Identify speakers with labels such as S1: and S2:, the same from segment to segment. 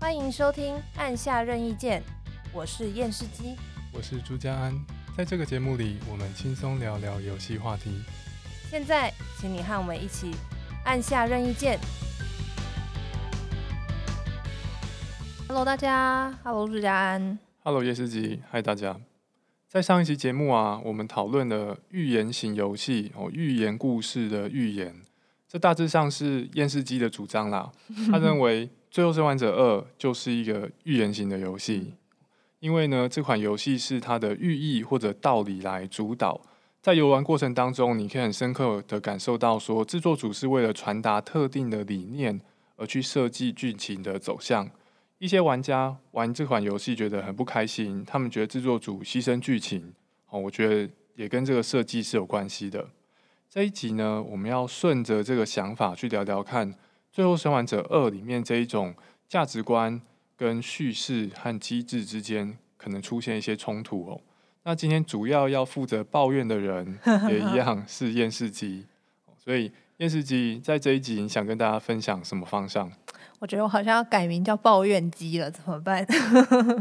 S1: 歡迎收聽按下任意鍵，我是厭世姬，
S2: 我是朱家安，在這個節目裡，我們輕鬆聊聊遊戲話題。
S1: 現在，請你和我們一起按下任意鍵。Hello，大家，Hello，朱家安
S2: ，Hello，厭世姬，嗨，大家。在上一期節目啊，我們討論了寓言型遊戲哦，寓言故事的寓言，這大致上是厭世姬的主張啦。他認為。 《最後生還者二》就是一個寓言型的遊戲，因為呢，這款遊戲是它的寓意或者道理來主導，在遊玩過程當中，你可以很深刻的感受到，說制作組是為了傳達特定的理念而去設計劇情的走向。一些玩家玩這款遊戲覺得很不開心，他們覺得制作組犧牲劇情，哦，我覺得也跟這個設計是有關係的。這一集呢，我們要順着這個想法去聊聊看。《最後生還者二》裡面這一種價值觀跟敘事和機制之間可能出現一些衝突哦、喔。那今天主要要負責抱怨的人，也一樣是厭世姬，所以厭世姬在這一集你想跟大家分享什麼方向？
S1: 我覺得我好像要改名叫抱怨姬了，怎麼辦？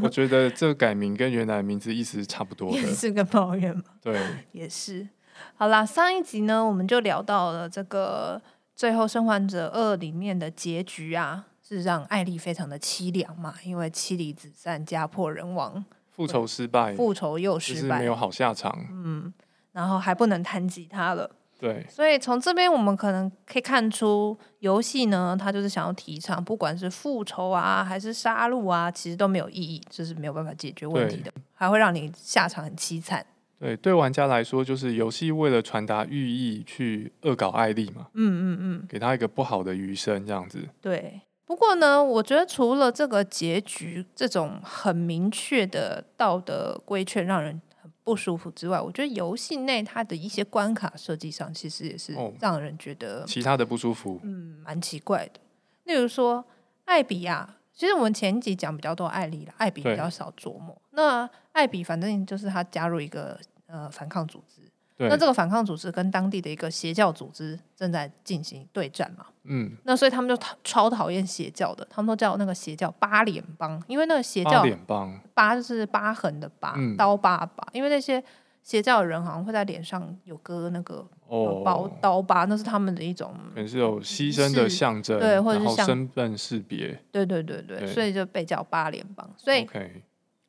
S2: 我覺得這改名跟原來名字意思差不多，的。是
S1: 個抱怨嘛。對，也是。好啦，上一集呢，我們就聊到了這個。《最後生還者二》裡面的結局啊，是讓艾莉非常的淒涼嘛，因為妻離子散，家破人亡，
S2: 復仇失敗，復仇又失敗，就是、沒有好下場。
S1: 嗯，然後還不能彈吉他了。對，所以從這邊我們可能可以看出，遊戲呢，它就是想要提倡，不管是復仇啊，還是殺戮啊，其實都沒有意義，就是沒有辦法解決問題的，還會讓你下場很淒慘。
S2: 對，對玩家來說，就是遊戲為了傳達寓意，去惡搞艾麗嘛。嗯嗯嗯，給他一個不好的餘生這樣子。
S1: 對，不過呢，我覺得除了這個結局這種很明確的道德規勸讓人很不舒服之外，我覺得遊戲內它的一些關卡設計上，其實也是讓人覺得、哦、其
S2: 他的不舒服。嗯，
S1: 蠻奇怪的。例如說艾比啊，其實我們前幾講比較多艾麗啦，艾比比較少琢磨對。那艾比反正就是他加入一個。呃，反抗組織。
S2: 對。那這個反
S1: 抗組織跟當地的一個邪教組織正在進行對戰嘛？嗯。那所以他們就超討厭邪教的，他們都叫那個邪教“疤臉幫”，因為那個邪教“疤臉幫”疤就是疤痕的疤，嗯，刀疤疤，因為那些邪教的人好像會在臉上有割那個、哦、刀疤，那是他們的一種，
S2: 也是有犧牲的象徵，對，或者是像身份識別。對對對對，對，對，所以就
S1: 被叫“疤臉幫”。所以。Okay.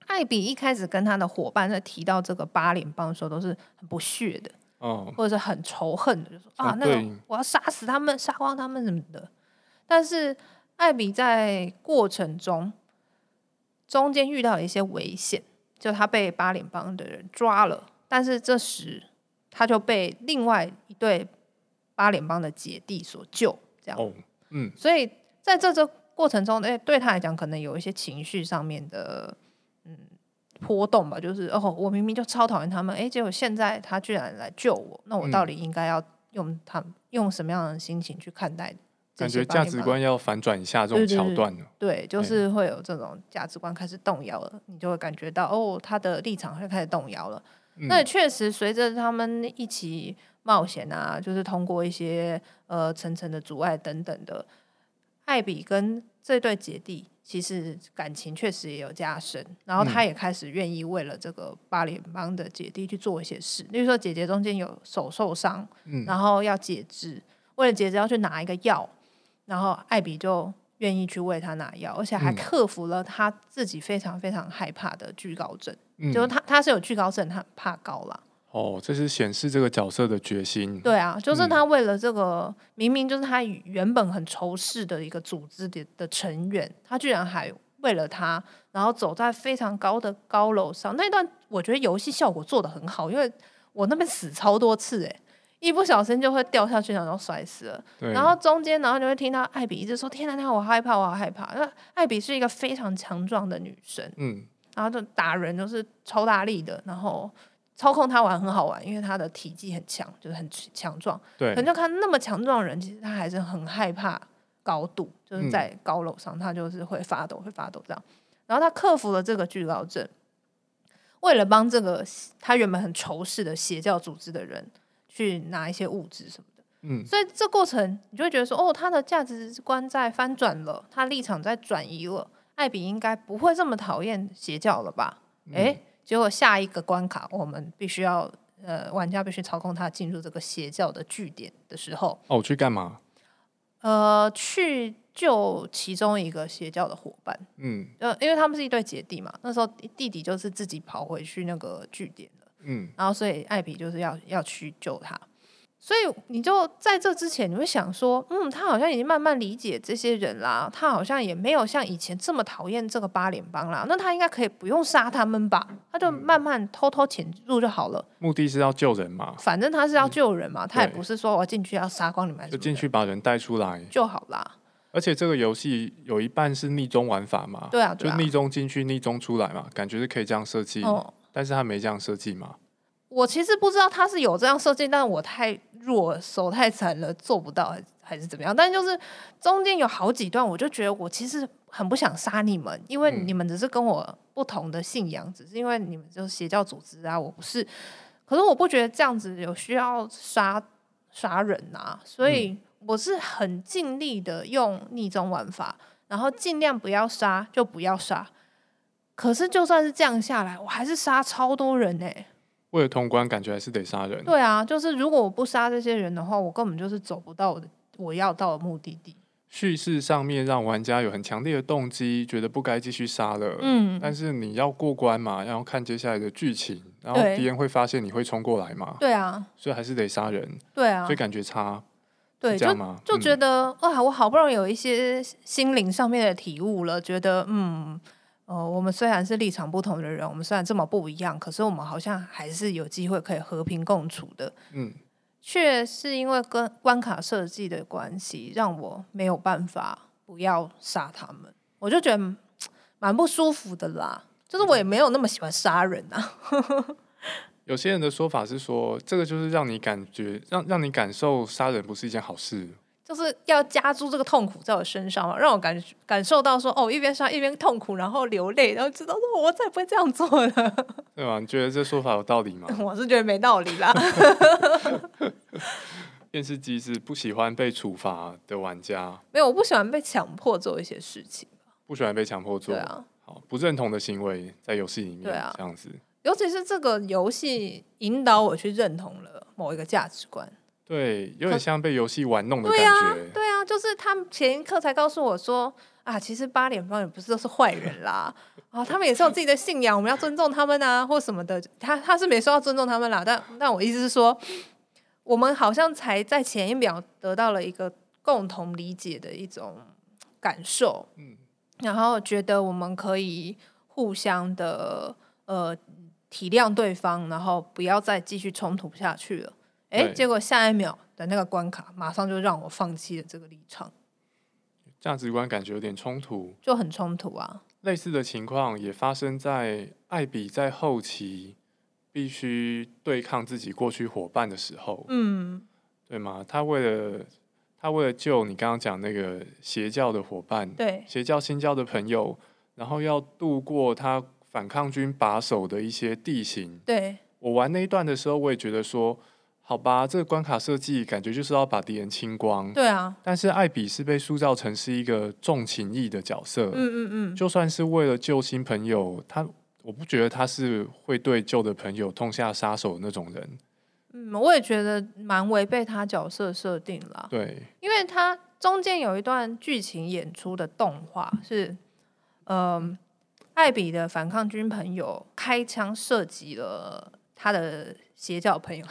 S1: 艾比一開始跟他的夥伴在提到這個疤臉幫的時候，都是很不屑的，嗯、哦，或者是很仇恨的就，就、嗯、說啊，那個、我要殺死他們，殺光他們什麼的。但是艾比在過程中中間遇到一些危險，就他被疤臉幫的人抓了，但是這時他就被另外一對疤臉幫的姐弟所救，這
S2: 樣子、哦，嗯，
S1: 所以在這個過程中，哎、欸，對他來講，可能有一些情緒上面的。波動吧，就是哦，我明明就超討厭他們，哎、欸，結果現在他居然來救我，那我到底應該要用他用什麼樣的心情去看待這些包包？感覺價值觀
S2: 要反轉一下這種橋段了。對
S1: 對對，對，就是會有這種價值觀開始動搖了。哎，你就會感覺到哦，他的立場好像開始動搖
S2: 了。嗯、
S1: 那也確實，隨着他們一起冒險啊，就是通過一些呃層層的阻礙等等的，艾比跟這對姐弟其實感情確實也有加深，然後他也開始願意為了這個疤臉幫的姐弟去做一些事。例如說，姐姐中間有手受傷，嗯、然後要截肢，為了截肢要去拿一個藥，然後艾比就願意去為他拿藥，而且還克服了他自己非常非常害怕的懼高症、嗯，就是他他是有懼高症，他怕高了。
S2: 哦，這是顯示這個角色的決心。對
S1: 啊，就是他為了這個，嗯、明明就是他原本很仇視的一個組織的的成員，他居然還為了他，然後走在非常高的高樓上。那一段我覺得遊戲效果做的很好，因為我那邊死超多次哎、欸，一不小心就會掉下去，然後摔死了。對。然後中間，然後你會聽到艾比一直說：“天哪天、啊，天我害怕，我好害怕。”艾比是一個非常強壯的女生、嗯，然後就打人都是超大力的，然後。操控他玩很好玩，因為他的體積很強，就是很強壯。對，可能就看那麼強壯的人，其實他還是很害怕高度，就是在高樓上、嗯，他就是會發抖，會發抖這樣。然後他克服了這個懼高症，為了幫這個他原本很仇視的邪教組織的人去拿一些物資什麼的。嗯，所以這過程你就會覺得說，哦，他的價值觀在翻轉了，他立場在轉移了。艾比應該不會這麼討厭邪教了吧？誒、嗯。欸結果下一個關卡，我們必須要，呃，玩家必須操控他進入這個邪教的據點的時候。哦，我去幹嘛？呃，去救其中一個邪教的夥伴。嗯，呃，因為他們是一對姐弟嘛，那時候弟弟就是自己跑回去那個據點了。嗯，然後所以艾比就是要要去救他。所以你就在這之前，你會想說，嗯，他好像已經慢慢理解這些人啦，他好像也沒有像以前這麼討厭這個八聯幫啦，那他應該可以不用殺他們吧？他就慢慢偷偷潛入就好了。
S2: 目的是要救人嘛，
S1: 反正他是要救人嘛，嗯、他也不是說我要進去要殺光你們，就
S2: 進去把人帶出來就好啦。而且這個遊戲有一半是逆中玩法嘛，對啊，對啊，就逆中進去逆中出來嘛，感覺是可以這樣設計，哦，但是他沒這樣設計嘛。
S1: 我其實不知道他是有這樣設計，但我太弱，手太殘了，做不到，還是怎麼樣？但就是中間有好幾段，我就覺得我其實很不想殺你們，因為你們只是跟我不同的信仰，嗯、只是因為你們就是邪教組織啊，我不是。可是我不覺得這樣子有需要殺殺人啊，所以我是很盡力的用匿蹤玩法，然後盡量不要殺就不要殺。可是就算是這樣下來，我還是殺超多人呢、欸。
S2: 為了通關，感覺還是得殺人。
S1: 對啊，就是如果我不殺這些人的話，我根本就是走不到我，我要到的目的地。
S2: 敘事上面讓玩家有很強烈的動機，覺得不該繼續殺了。嗯，但是你要過關嘛，然後看接下來的劇情，然後敵人會發現你會衝過來嘛。對啊，所以還是得殺人。對啊，所以感覺差。對，是這
S1: 樣嗎？啊，就覺得哇、嗯啊，我好不容易有一些心靈上面的體悟了，覺得嗯。哦，我們雖然是立場不同的人，我們雖然這麼不一樣，可是我們好像還是有機會可以和平共處的。嗯，卻是因為跟關卡設計的關係，讓我沒有辦法不要殺他們，我就覺得蠻不舒服的啦。就是我也沒有那麼喜歡殺人啊。
S2: 有些人的說法是說，這個就是讓你感覺，讓讓你感受殺人不是一件好事。
S1: 就是要加諸這個痛苦在我身上，讓我感感受到說哦，一邊殺一邊痛苦，然後流淚，然後知道說，我再也不會這樣做了。
S2: 對吧？你覺得這說法有道理嗎？
S1: 我是覺得沒道理啦。
S2: 電視機是不喜歡被處罰的玩家，
S1: 沒有，我不喜歡被強迫做一些事情，
S2: 不喜歡被強迫做。對啊，好不認同的行為在遊戲裡面，對啊，這樣子，
S1: 尤其是這個遊戲引導我去認同了某一個價值觀。
S2: 對，有點像被遊戲玩弄的感覺。
S1: 對啊，對啊，就是他們前一刻才告訴我說啊，其實疤臉幫也不是都是壞人啦，啊，他們也是有自己的信仰， 我們要尊重他們啊，或什麼的。他他是沒說要尊重他們啦，但但我意思是說，我們好像才在前一秒得到了一個共同理解的一種感受，嗯，然後覺得我們可以互相的呃體諒對方，然後不要再繼續衝突下去了。哎、欸，結果下一秒的那個關卡，馬上就讓我放棄了這個立場。
S2: 價值觀感覺有點衝突，
S1: 就很衝突啊！
S2: 類似的情況也發生在艾比在後期必須對抗自己過去夥伴的時候，嗯，對嗎？他為了他為了救你剛剛講那個邪教的夥伴，對，邪教新教的朋友，然後要度過他反抗軍把守的一些地形。對。我玩那一段的時候，我也覺得說。好吧，這個關卡設計感覺就是要把敵人清光。對啊。但是艾比是被塑造成是一個重情義的角色。嗯嗯嗯。就算是為了救新朋友，他我不覺得他是會對舊的朋友痛下殺手的那種人。
S1: 嗯，我也覺得蠻違背他角色設定啦。對。因為他中間有一段劇情演出的動畫是，嗯、呃，艾比的反抗軍朋友開槍射擊了他的邪教朋友。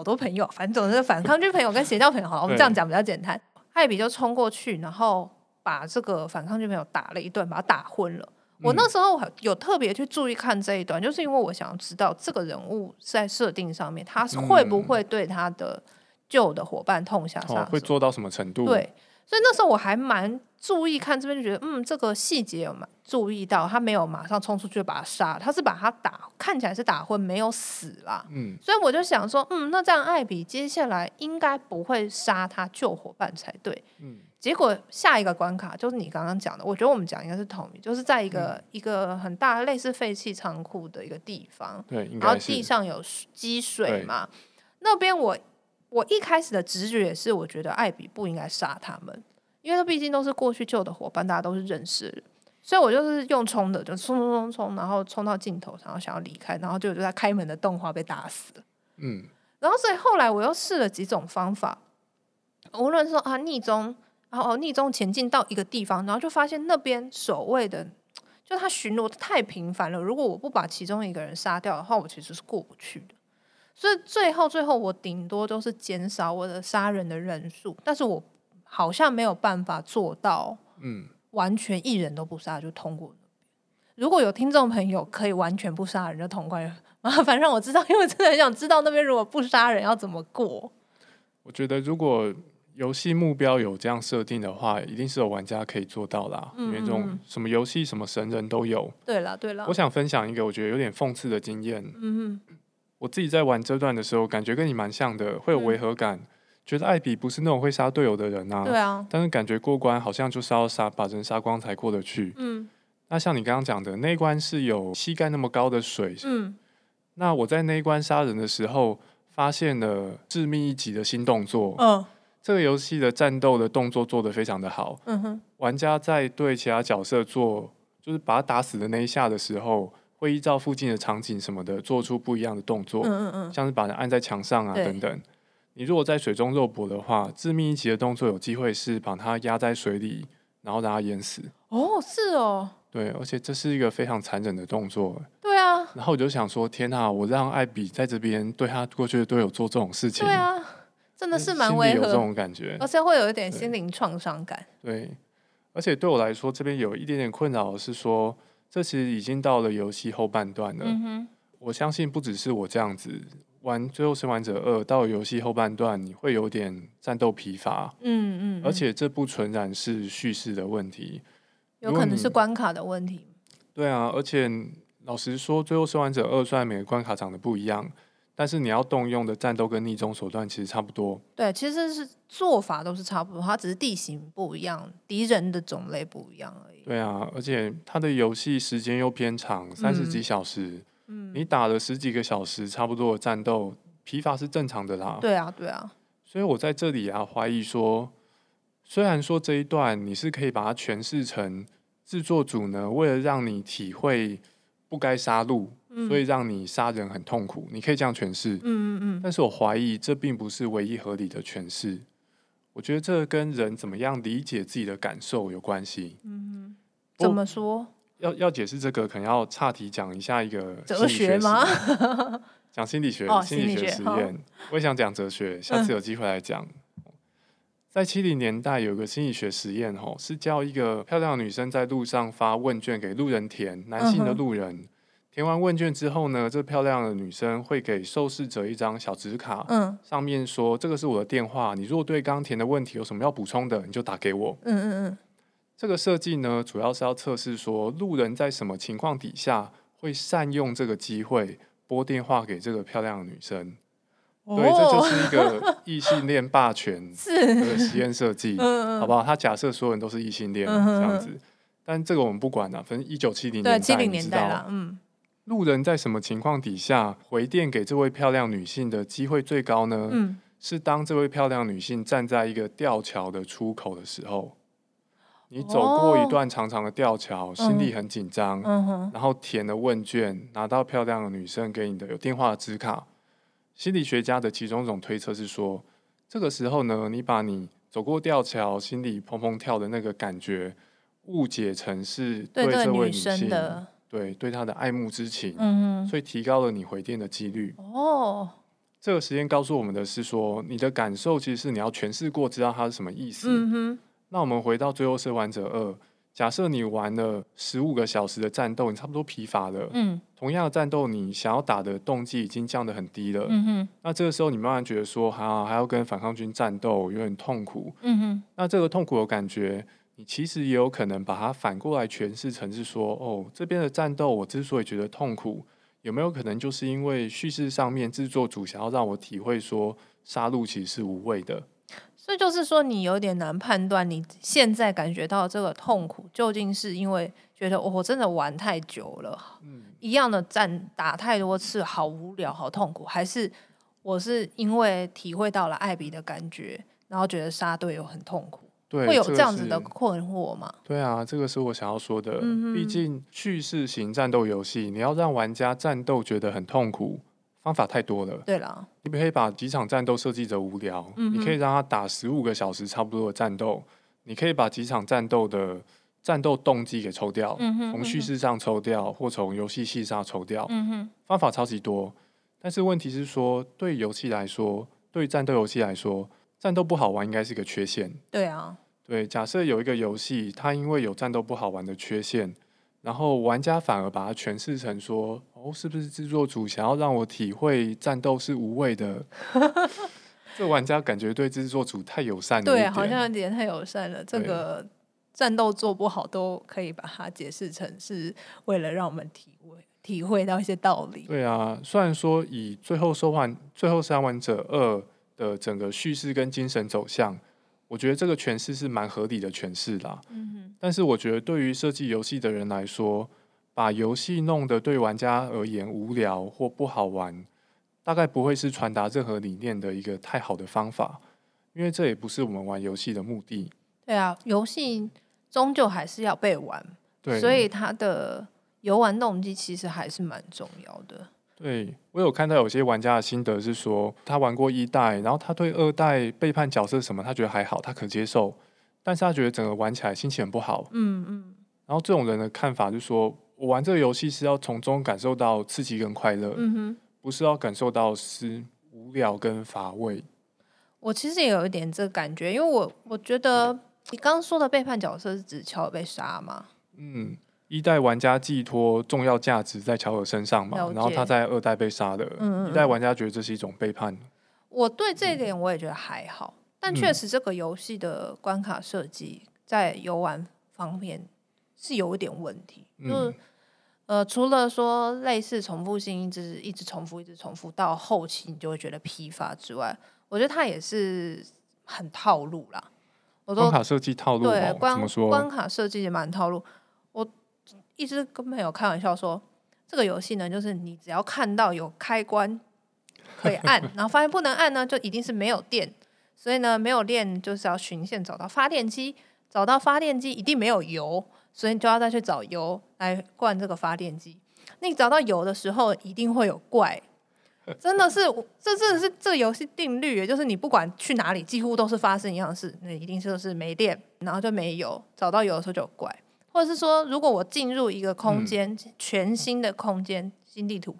S1: 好多朋友，反正總是反抗軍朋友跟邪教朋友好，好 我們這樣講比較簡單。艾、欸、比就衝過去，然後把這個反抗軍朋友打了一頓，把他打昏了。嗯、我那時候有特別去注意看這一段，就是因為我想要知道這個人物在設定上面，他是會不會對他的舊的夥伴痛下殺手、嗯哦，會做
S2: 到什麼程度？對，
S1: 所以那時候我還蠻。注意看這邊就覺得，嗯，這個細節有嘛注意到。他沒有馬上衝出去把他殺，他是把他打，看起來是打昏，沒有死啦。嗯，所以我就想說，嗯，那這樣艾比接下來應該不會殺他舊夥伴才對。嗯，結果下一個關卡就是你剛剛講的，我覺得我們講應該是 Tommy，就是在一個、嗯、一個很大類似廢棄倉庫的一個地方，對，然後地上有積水嘛，那邊我我一開始的直覺也是，我覺得艾比不應該殺他們。因為畢竟都是過去救的夥伴，大家都是認識的人，所以我就是用衝的，就衝衝衝衝，然後衝到盡頭，然後想要離開，然後就就在開門的動畫被打死
S2: 了。
S1: 嗯，然後所以後來我又試了幾種方法，無論說啊匿蹤，然後匿蹤前進到一個地方，然後就發現那邊守衛的就他巡邏太頻繁了，如果我不把其中一個人殺掉的話，我其實是過不去的。所以最後最後我頂多都是減少我的殺人的人數，但是我。好像沒有辦法做到，嗯，完全一人都不殺就通過。如果有聽眾朋友可以完全不殺人就通關，麻煩讓我知道，因為真的很想知道那邊如果不殺人要怎麼過。
S2: 我覺得如果遊戲目標有這樣設定的話，一定是有玩家可以做到啦。因為，嗯嗯，這種什麼遊戲什麼神人都有。
S1: 對了對了，我
S2: 想分享一個我覺得有點諷刺的經驗。嗯嗯，我自己在玩這段的時候，感覺跟你蠻像的，會有違和感。嗯覺得艾比不是那種會殺隊友的人啊，對啊，但是感覺過關好像就是要殺把人殺光才過得去。嗯，那像你剛剛講的那一關是有膝蓋那麼高的水。嗯，那我在那一關殺人的時候發現了致命一擊的新動作。嗯、哦，這個遊戲的戰鬥的動作做得非常的好。嗯哼，玩家在對其他角色做就是把他打死的那一下的時候，會依照附近的場景什麼的做出不一樣的動作。嗯嗯嗯，像是把人按在牆上啊等等。你如果在水中肉搏的話，致命一擊的動作有機會是把它壓在水裡，然後讓它淹死。
S1: 哦，是哦，
S2: 對，而且這是一個非常殘忍的動作。
S1: 對啊，
S2: 然後我就想說，天啊，我讓艾比在這邊對他過去的隊友做這種事情，對啊，
S1: 真的是蠻違和的這種感覺，而且會有一點心靈創傷感對。
S2: 對，而且對我來說，這邊有一點點困擾的是說，這其實已經到了遊戲後半段了，嗯。我相信不只是我這樣子。玩《最後生還者二》到遊戲後半段，你會有點戰鬥疲乏。嗯嗯。而且這不純然是敘事的問題，
S1: 有可能是關卡的問題。
S2: 對啊，而且老實說，《最後生還者二》雖然每個關卡長得不一樣，但是你要動用的戰鬥跟匿蹤手段其實差不多。
S1: 對，其實是做法都是差不多，它只是地形不一樣，敵人的種類不一樣而已。
S2: 對啊，而且它的遊戲時間又偏長，三十幾小時。嗯你打了十幾個小時，差不多的戰鬥，疲乏是正常的啦。對啊，對啊。所以我在這裡啊，懷疑說，雖然說這一段你是可以把它詮釋成制作組呢，為了讓你體會不該殺戮，嗯，所以讓你殺人很痛苦，你可以這樣詮釋，嗯嗯嗯。但是我懷疑這並不是唯一合理的詮釋。我覺得這跟人怎麼樣理解自己的感受有關係。嗯，嗯，怎麼說？要要解釋這個，可能要岔題講一下一個心理學，哲學嗎？講心理學， 心理學、oh, 心理學 oh. 實驗。我也想講哲學，下次有機會來講、嗯。在七零年代，有一個心理學實驗，吼，是叫一個漂亮的女生在路上發問卷給路人填，男性的路人、嗯、填完問卷之後呢，這漂亮的女生會給受試者一張小紙卡，上面說、嗯、這個是我的電話，你如果對剛剛填的問題有什麼要補充的，你就打給我。嗯嗯嗯。這個設計呢，主要是要測試說，路人在什麼情況底下會善用這個機會撥電話給這個漂亮女生、
S1: 哦。對，這就是一個
S2: 異性戀霸權的實驗設計，好不好？他假設所有人都是異性戀、嗯、這樣子，但這個我們不管了。反正一九七零年代，你知道了。嗯，路人在什麼情況底下回電給這位漂亮女性的機會最高呢？嗯、是當這位漂亮女性站在一個吊橋的出口的時候。你走過一段長長的吊橋、哦，心裡很緊張、嗯，然後填了問卷、嗯，拿到漂亮的女生給你的有電話的紙卡。心理學家的其中一種推測是說，這個時候呢，你把你走過吊橋心裡砰砰跳的那個感覺，誤解成是對這位女性對對女生的對對她的愛慕之情、嗯，所以提高了你回電的幾率。哦，這個實驗告訴我們的是說，你的感受其實是你要詮釋過，知道它是什麼意思。嗯那我們回到《最後生還者二》，假設你玩了十五個小時的戰鬥，你差不多疲乏了。嗯，同樣的戰鬥，你想要打的動機已經降得很低了。嗯哼，那這個時候你慢慢覺得說，哈，還要跟反抗軍戰鬥，有點痛苦。嗯哼，那這個痛苦的感覺，你其實也有可能把它反過來詮釋成是說，哦，這邊的戰鬥我之所以覺得痛苦，有沒有可能就是因為敘事上面制作組想要讓我體會說，殺戮其實是無謂的？
S1: 所以就是說，你有點難判斷，你現在感覺到這個痛苦究竟是因為覺得我真的玩太久了，一樣的戰打太多次，好無聊，好痛苦，還是我是因為體會到了艾比的感覺，然後覺得殺隊友很痛苦，
S2: 會有這樣子的困惑嗎？對、這個，對啊，這個是我想要說的。畢竟敘事型戰鬥遊戲，你要讓玩家戰鬥覺得很痛苦。方法太多了，對了，你不可以把幾場戰鬥設計得無聊，嗯，你可以讓他打十五個小時差不多的戰鬥，你可以把幾場戰鬥的戰鬥動機給抽掉，嗯、從敘事上抽掉、嗯、或從遊戲性上抽掉、嗯，方法超級多。但是問題是說，對遊戲來說，對戰鬥遊戲來說，戰鬥不好玩應該是個缺陷。
S1: 對啊，
S2: 對，假設有一個遊戲，它因為有戰鬥不好玩的缺陷，然後玩家反而把它詮釋成說。哦，是不是製作組想要讓我體會戰鬥是無謂的？ 這玩家感覺對製作組太友善了，對，好像有
S1: 點太友善了啊。這個戰鬥做不好都可以把它解釋成是為了讓我們體會體會到一些道理。
S2: 對啊，雖然說以最後生還、最後生還者二的整個敘事跟精神走向，我覺得這個詮釋是蠻合理的詮釋啦。嗯哼，但是我覺得對於設計遊戲的人來說。把遊戲弄得對玩家而言無聊或不好玩，大概不會是傳達任何理念的一個太好的方法，因為這也不是我們玩遊戲的目的。
S1: 對啊，遊戲終究還是要被玩，對，所以他的遊玩動機其實還是蠻重要的。
S2: 對，我有看到有些玩家的心得是說，他玩過一代，然後他對二代背叛角色什麼，他覺得還好，他可接受，但是他覺得整個玩起來心情很不好。嗯嗯，然後這種人的看法就是說。我玩這個遊戲是要從中感受到刺激跟快樂，嗯，不是要感受到是無聊跟乏味。
S1: 我其實也有一點這個感覺，因為我我覺得你剛剛說的背叛角色是指喬爾被殺嘛。
S2: 嗯，一代玩家寄託重要價值在喬爾身上嘛，然後他在二代被殺了，嗯嗯，一代玩家覺得這是一種背叛。
S1: 我對這一點我也覺得還好，嗯、但確實這個遊戲的關卡設計在遊玩方面是有一點問題，嗯、就是。呃，除了說類似重複性，一直一直重複，一直重複到後期，你就會覺得疲乏之外，我覺得它也是很套路啦。我都，關卡設計套路，對，關卡設計、哦、也蠻套路。我一直跟朋友開玩笑說，這個遊戲呢，就是你只要看到有開關可以按， 然後發現不能按呢，就一定是沒有電。所以呢，沒有電就是要循線找到發電機，找到發電機一定沒有油。所以你就要再去找油來灌這個發電機。你找到油的時候，一定會有怪，真的是，這真的是這個遊戲定律，也就是你不管去哪裡，幾乎都是發生一樣的事，那一定就是沒電，然後就沒油。找到油的時候就有怪，或者是說，如果我進入一個空間、嗯，全新的空間，新地圖，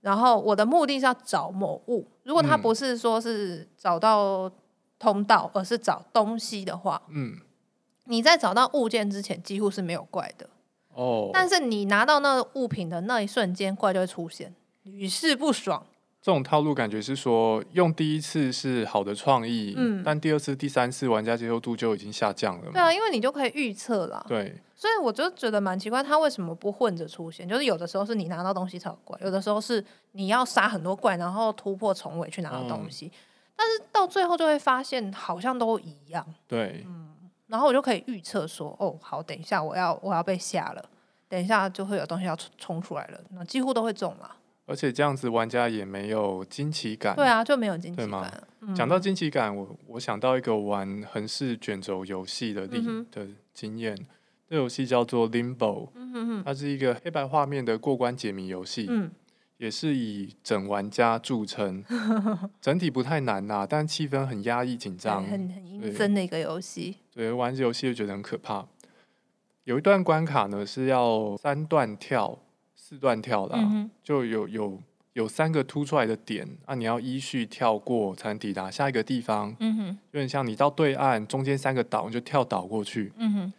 S1: 然後我的目的是要找某物，如果它不是說是找到通道，而是找東西的話，嗯。你在找到物件之前，幾乎是沒有怪的哦。Oh, 但是你拿到那個物品的那一瞬間，怪就會出現，
S2: 屢試不爽。這種套路感覺是說，用第一次是好的創意，嗯，但第二次、第三次玩家接受度就已經下降了。對啊，
S1: 因為你就可以預測啦。對，所以我就覺得蠻奇怪，他為什麼不混着出現？就是有的時候是你拿到東西才有怪，有的時候是你要殺很多怪，然後突破重圍去拿到東西，嗯，但是到最後就會發現好像都一樣。對，嗯。然後我就可以預測說，哦，好，等一下我要我要被嚇了，等一下就會有東西要衝出來了，那幾乎都會中嘛。
S2: 而且這樣子玩家也沒有驚奇感。對啊，
S1: 就沒有驚奇感。
S2: 講、嗯、到驚奇感，我我想到一個玩橫式卷軸遊戲的歷、嗯、的經驗，這遊戲叫做 Limbo、嗯
S1: 哼哼。
S2: 它是一個黑白畫面的過關解謎遊戲。嗯也是以整玩家著稱，整體不太難吶，但氣氛很壓抑緊張， 很
S1: 很陰森的一個遊戲。
S2: 對，玩這遊戲就覺得很可怕。有一段關卡呢，是要三段跳，四段跳啦，嗯、就有有有三個凸出來的點啊，你要依序跳過才能抵達下一個地方。有、嗯、點像你到對岸中間三個島你就跳島過去、嗯。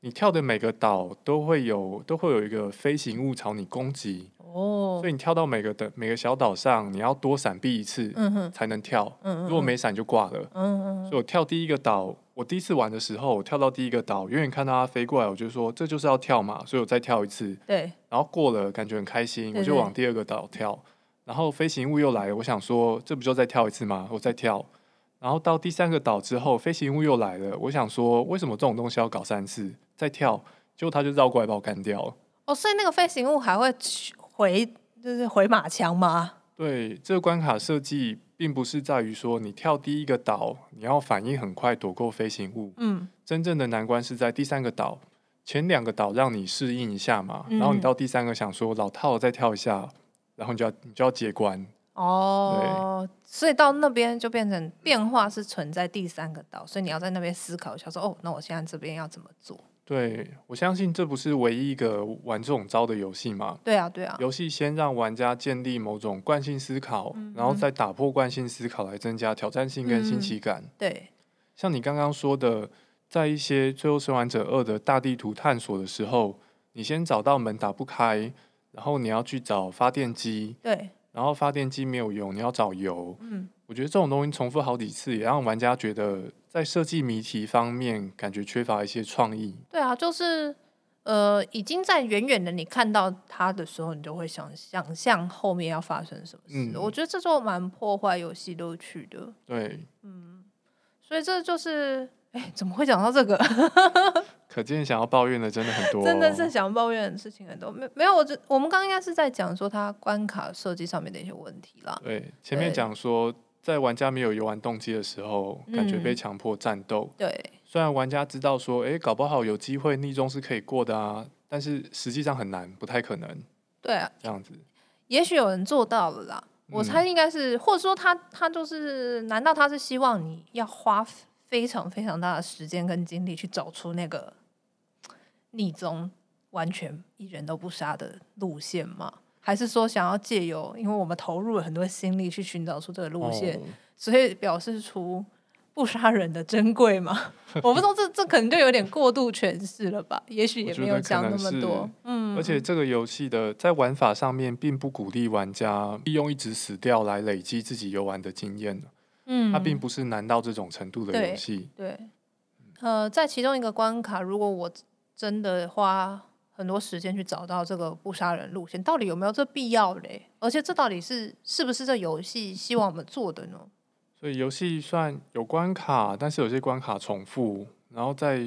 S2: 你跳的每個島都會有都會有一個飛行物朝你攻擊。哦、oh.，所以你跳到每個的每個小島上，你要多閃避一次、嗯、才能跳。如果沒閃就掛了。嗯嗯。所以我跳第一個島，我第一次玩的時候，我跳到第一個島，遠遠看到它飛過來，我就說這就是要跳嘛，所以我再跳一次。對。然後過了，感覺很開心，我就往第二個島跳。對對。然後飛行物又來了，我想說這不就再跳一次嗎？我再跳。然後到第三個島之後，飛行物又來了，我想說為什麼這種東西要搞三次？再跳，結果它就繞過來把我幹掉了。
S1: 哦、oh,，所以那個飛行物還會。回就是回馬槍嗎？
S2: 對，這個關卡設計並不是在於說你跳第一個島，你要反應很快躲過飛行物。嗯，真正的難關是在第三個島。前兩個島讓你適應一下嘛，嗯，然後你到第三個想說老套了再跳一下，然後你就要你就要解關。
S1: 哦，對，所以到那邊就變成變化是存在第三個島，所以你要在那邊思考一下，想說哦，那我現在這邊要怎麼
S2: 做？對，我相信這不是唯一一個玩這種招的遊戲嘛。對啊，對啊。遊戲先讓玩家建立某種慣性思考，嗯、然後再打破慣性思考來增加挑戰性跟新奇感。嗯、對，像你剛剛說的，在一些《最後生還者二》的大地圖探索的時候，你先找到門打不開，然後你要去找發電機。對。然後發電機沒有油，你要找油。嗯，我覺得這種東西重複好幾次，也讓玩家覺得在設計謎題方面感覺缺乏一些創意。
S1: 對啊，就是呃，已經在遠遠的你看到它的時候，你就會想想象後面要發生什麼事。嗯，我覺得這種蠻破壞遊戲樂趣的。對，嗯，所以這就是。哎、欸，怎麼會講到這個？
S2: 可見想要抱怨的真的很多，喔， 真的是
S1: 想要抱怨的事情很多。沒沒有，我我們剛剛應該是在講說他關卡設計上面的一些問題
S2: 啦。對，前面講說在玩家沒有遊玩動機的時候，感覺被強迫戰鬥，嗯。對，雖然玩家知道說，哎、欸，搞不好有機會逆中是可以過的啊，但是實際上很難，不太可能。
S1: 對啊，這樣子，也許有人做到了啦。嗯，我猜應該是，或者說他他就是，難道他是希望你要花？非常非常大的時間跟精力去找出那個逆宗，完全一人都不殺的路線嗎？還是說想要借由因為我們投入了很多心力去尋找出這個路線，哦、所以表示出不殺人的珍貴嗎？ 我不知道這這可能就有點過度詮釋了吧？ 也許也沒有講那麼多。嗯，而且
S2: 這個遊戲的在玩法上面並不鼓勵玩家利用一直死掉來累積自己遊玩的經驗嗯，它並不是難到這種程度的遊戲。
S1: 對，呃，在其中一個關卡，如果我真的花很多時間去找到這個不殺人路線，到底有沒有這必要嘞？而且這到底是是不是這遊戲希望我們做的呢？
S2: 所以遊戲算有關卡，但是有些關卡重複，然後在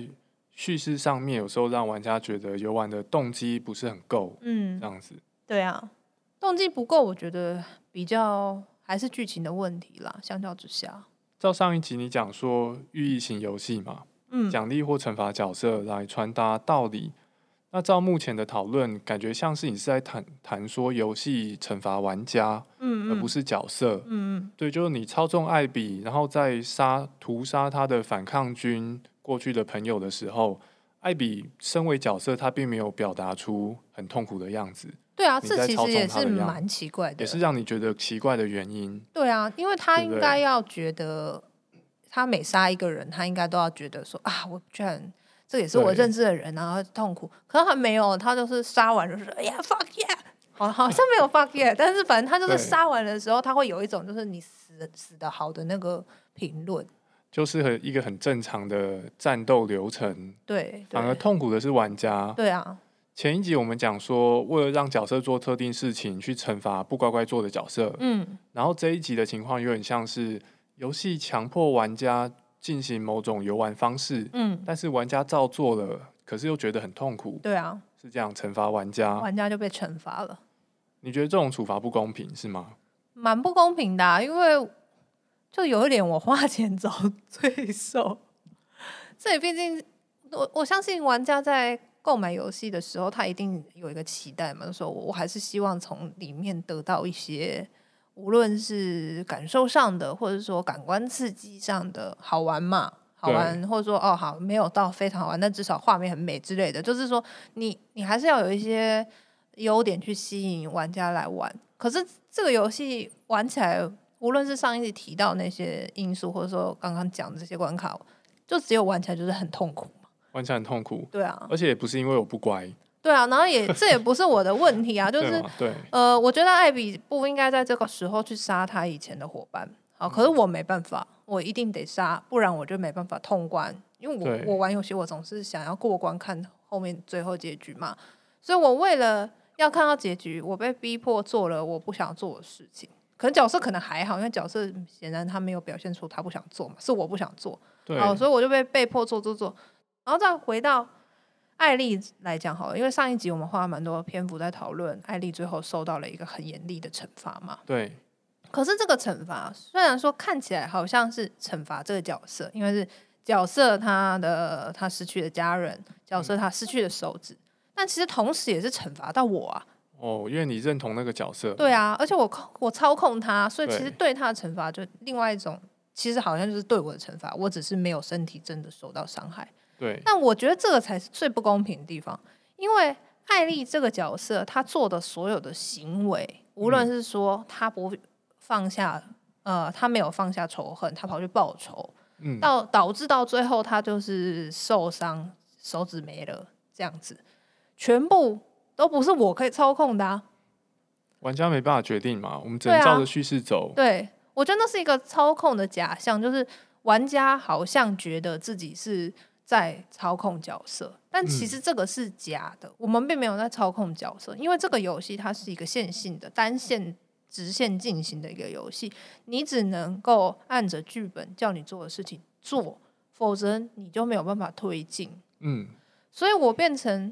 S2: 敘事上面有時候讓玩家覺得遊玩的動機不是很夠。嗯，這樣子。
S1: 對啊，動機不夠，我覺得比較。還是劇情的問題啦，相較之下。
S2: 照上一集你講說，寓意型遊戲嘛，嗯，獎勵或懲罰角色來傳達道理。那照目前的討論，感覺像是你是在談談說遊戲懲罰玩家，
S1: 嗯嗯，而不是角色，嗯嗯，
S2: 對，就是你操縱艾比，然後在殺屠殺他的反抗軍過去的朋友的時候，艾比身為角色，他並沒有表達出很痛苦的樣子。
S1: 對啊，這其實也是蠻奇怪的，也是
S2: 讓你覺得奇怪的原因。
S1: 對啊，因為他應該要覺得，他每殺一個人，他應該都要覺得說啊，我居然，
S2: 這也是我認識
S1: 的人，啊，然後痛苦。可他沒有，他就是殺完的時候，哎、yeah, 呀，fuck yeah，好，好像沒有 fuck yeah。 但是反正他就是殺完的時候，他會有一種就是你死的死的好的那個評論，
S2: 就是很一個很正常的戰鬥流程。
S1: 對，對，反而
S2: 痛苦的是玩家。對啊。前一集我們講說，為了讓角色做特定事情，去懲罰不乖乖做的角色。嗯，然後這一集的情況有點像是遊戲強迫玩家進行某種遊玩方式。嗯，但是玩家照做了，可是又覺得很痛苦。對啊，是這樣懲罰玩家，
S1: 玩家就被懲罰了。
S2: 你覺得這種處罰不公平是嗎？
S1: 蠻不公平的啊，因為就有一點，我花錢找罪受。這也畢竟我，我我相信玩家在。購買遊戲的時候，他一定有一個期待嘛，說，我還是希望從裡面得到一些，無論是感受上的，或者說感官刺激上的好玩嘛，好玩，或者說哦好，沒有到非常好玩，但至少畫面很美之類的。就是說你，你你還是要有一些優點去吸引玩家來玩。可是這個遊戲玩起來，無論是上一集提到那些因素，或者說剛剛講的這些關卡，就只有玩起來就是很痛苦。
S2: 完全很痛苦，對啊，而且也不是因為我不乖，
S1: 對啊，然後也這也不是我的問題啊， 就是對，對，呃，我覺得艾比不應該在這個時候去殺他以前的夥伴啊，可是我沒辦法，嗯、我一定得殺，不然我就沒辦法通關，因為我我玩遊戲我總是想要過關看後面最後結局嘛，所以我為了要看到結局，我被逼迫做了我不想做的事情，可能角色可能還好，因為角色顯然他沒有表現出他不想做嘛，是我不想做，對，啊。所以我就被被逼迫做做做。然後再回到艾莉來講好了，因為上一集我們花了蠻多篇幅在討論艾莉最後受到了一個很嚴厲的懲罰嘛。對。可是這個懲罰雖然說看起來好像是懲罰這個角色，因為是角色他的他失去了家人，角色他失去了手指，嗯，但其實同時也是懲罰到我啊。
S2: 哦，因為你認同那個角色。對
S1: 啊，而且我控我操控他，所以其實對他的懲罰就另外一種，其實好像就是對我的懲罰，我只是沒有身體真的受到傷害。對，但我覺得這個才是最不公平的地方，因為艾莉這個角色，她、嗯、做的所有的行為，無論是說她不放下，呃，她沒有放下仇恨，她跑去報仇，嗯，到導致到最後，她就是受傷，手指沒了，這樣子，全部都不是我可以操控的、啊。
S2: 玩家沒辦法決定嘛，我們只能照着敘事走。對啊，
S1: 對，我覺得那是一個操控的假象，就是玩家好像覺得自己是。在操控角色，但其實這個是假的、嗯。我們並沒有在操控角色，因為這個遊戲它是一個線性的單線直線進行的一個遊戲，你只能夠按着劇本叫你做的事情做，否則你就沒有辦法推進。嗯，所以我變成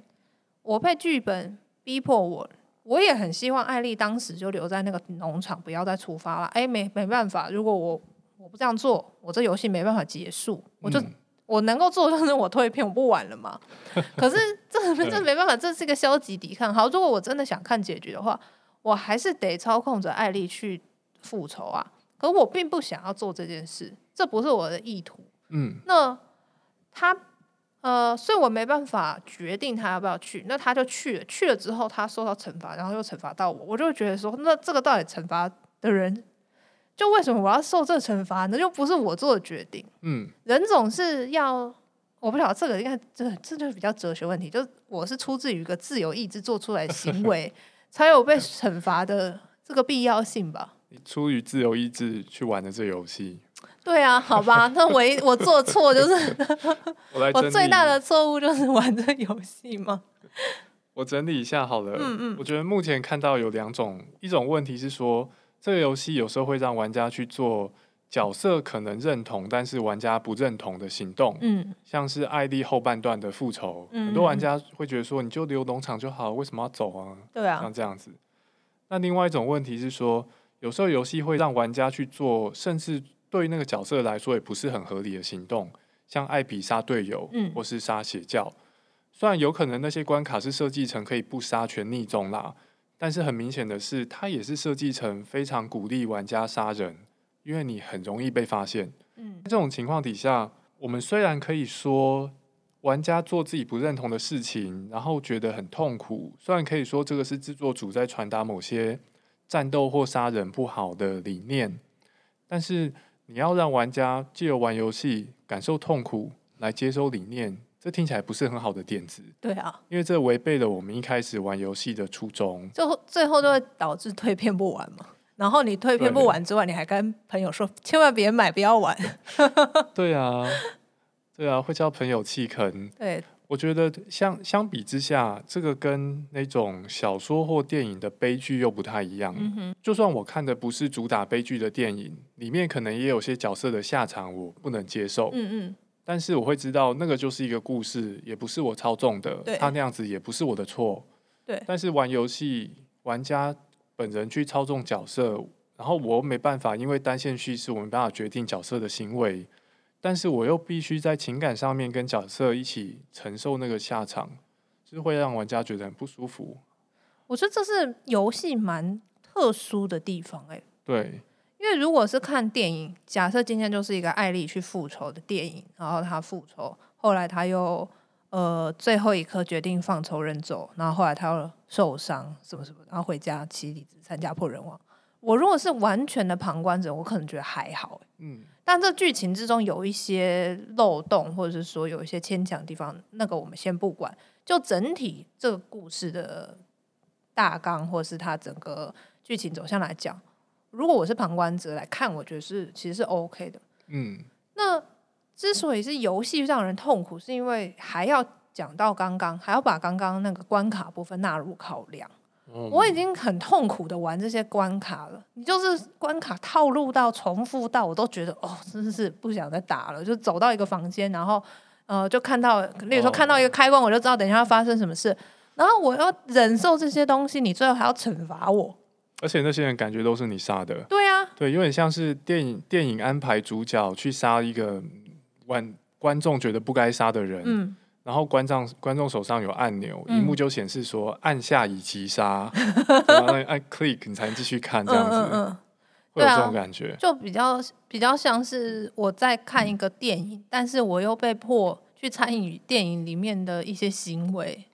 S1: 我被劇本逼迫我，我也很希望艾莉當時就留在那個農場，不要再出發了。哎、欸，沒沒辦法，如果我我不這樣做，我這遊戲沒辦法結束，我就。嗯我能夠做的就是我退片，我不玩了嗎？ 可是這這沒辦法， 這是一個消極抵抗。好，如果我真的想看結局的話，我還是得操控着艾莉去復仇啊。可我並不想要做這件事，這不是我的意圖。嗯，那他呃，所以我沒辦法決定他要不要去。那他就去了，去了之後他受到懲罰，然後又懲罰到我，我就覺得說，那這個到底懲罰的人？就為什麼我要受這懲罰呢？又不是我做的決定。嗯，人總是要……我不知道這，這個，應該這這就是比較哲學問題。就是我是出自於一個自由意志做出來的行為， 才有被懲罰的這個必要性吧？
S2: 你出於自由意志去玩的這遊戲？
S1: 對啊，好吧，那我我做錯就是
S2: 我，來我最大
S1: 的錯誤就是玩這遊戲嗎？
S2: 我整理一下好了。嗯嗯，我覺得目前看到有兩種，一種問題是說。這個遊戲有時候會讓玩家去做角色可能認同，但是玩家不認同的行動，嗯、像是艾 d 後半段的復仇、嗯，很多玩家會覺得說，你就留農場就好，為什麼要走啊？對啊，像這樣子。那另外一種問題是說，有時候遊戲會讓玩家去做，甚至對那個角色來說也不是很合理的行動，像艾比殺隊友、嗯，或是殺邪教，雖然有可能那些關卡是設計成可以不殺全逆種啦。但是很明顯的是，它也是設計成非常鼓勵玩家殺人，因為你很容易被發現。嗯，在這種情況底下，我們雖然可以說玩家做自己不認同的事情，然後覺得很痛苦，雖然可以說這個是制作組在傳達某些戰鬥或殺人不好的理念，但是你要讓玩家借由玩遊戲感受痛苦來接受理念。這聽起來不是很好的點子，對啊，因為這違背了我們一開始玩遊戲的初衷。
S1: 就最後，最後就會導致退片不玩嘛。然後你退片不玩之外，對對對，你還跟朋友說，千萬別買，不要玩。
S2: 對啊，對啊，會叫朋友棄坑。
S1: 對，
S2: 我覺得相相比之下，這個跟那種小說或電影的悲劇又不太一樣。嗯哼。就算我看的不是主打悲劇的電影，裡面可能也有些角色的下場我不能接受。嗯嗯。但是我會知道，那個就是一個故事，也不是我操縱的，他那樣子也不是我的錯。對。但是玩遊戲，玩家本人去操縱角色，然後我又沒辦法，因為單線敘事，我沒辦法決定角色的行為，但是我又必須在情感上面跟角色一起承受那個下場，就是會讓玩家覺得很不舒服。
S1: 我覺得這是遊戲蠻特殊的地方欸，哎。對。因為如果是看電影，假設今天就是一個艾莉去復仇的電影，然後她復仇，後來她又呃最後一刻決定放仇人走，然後後來她又受傷什麼什麼，然後回家妻離子散家破人亡。我如果是完全的旁觀者，我可能覺得還好，欸，嗯。但這劇情之中有一些漏洞，或者是說有一些牽強的地方，那個我們先不管。就整體這個故事的大綱，或者是它整個劇情走向來講。如果我是旁觀者來看，我覺得是其實是 OK 的。嗯，那之所以是遊戲讓人痛苦，是因為還要講到剛剛，還要把剛剛那個關卡部分納入考量。嗯，我已經很痛苦的玩這些關卡了，你就是關卡套路到重複到，我都覺得哦，真的是，是，是不想再打了。就走到一個房間，然後呃，就看到，例如說看到一個開關，哦，我就知道等一下要發生什麼事，然後我要忍受這些東西，你最後還要懲罰我。
S2: 而且那些人感覺都是你殺的，對啊，對，有點像是電影電影安排主角去殺一個觀觀眾覺得不該殺的人，嗯，然後觀眾觀眾手上有按鈕，屏、嗯、幕就顯示說按下以擊殺，然、嗯、後、啊、按 click 你才能繼續看這樣子，會有這種感覺，就
S1: 比較比較像是我在看一個電影，嗯、但是我又被迫去參與電影裡面的一些行為。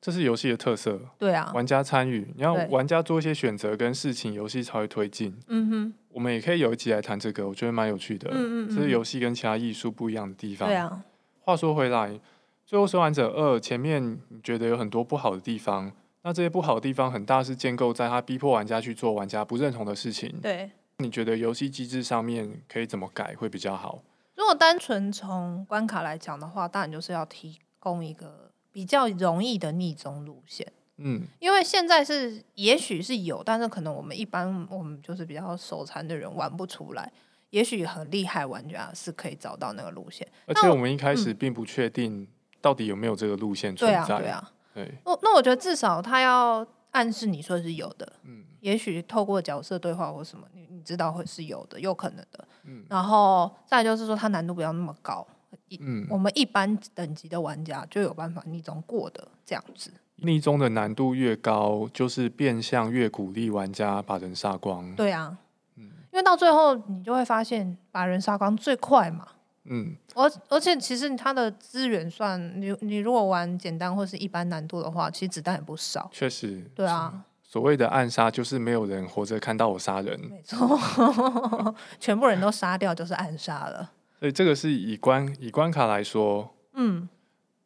S2: 這是遊戲的特色，對啊，玩家參與，你要玩家做一些選擇跟事情，遊戲才會推進。嗯
S1: 哼，
S2: 我們也可以有一集來談這個，我覺得蠻有趣的。嗯嗯嗯，這是遊戲跟其他藝術不一樣的地方。對啊，話說回來，最後生還者二，前面你覺得有很多不好的地方，那這些不好的地方很大是建構在它逼迫玩家去做玩家不認同的事情。對，你覺得遊戲機制上面可以怎麼改會比較好？
S1: 如果單純從關卡來講的話，當然就是要提供一個。比較容易的逆中路線，嗯，因為現在是，也許是有，但是可能我們一般，我們就是比較手殘的人玩不出來。也許很厲害玩家是可以找到那個路線。而且
S2: 我們一開始並不確定到底有沒有這個路線存在。嗯，對啊，對啊，對。那那
S1: 我覺得至少他要暗示你說是有的。嗯。也許透過角色對話或什麼，你你知道會是有的，有可能的。嗯。然後再就是說，他難度不要那麼高。嗯，我們一般等級的玩家就有辦法逆中過的這樣子。
S2: 逆中的難度越高，就是變相越鼓勵玩家把人殺光。
S1: 對啊，嗯，因為到最後你就會發現，把人殺光最快嘛。嗯，而而且其實他的資源算你，你如果玩簡單或是一般難度的話，其實子彈也不少。
S2: 確實，對啊。所謂的暗殺就是沒有人活着看到我殺人。沒錯，
S1: 全部人都殺掉就是暗殺了。
S2: 所以這個是以關以關卡來說，嗯，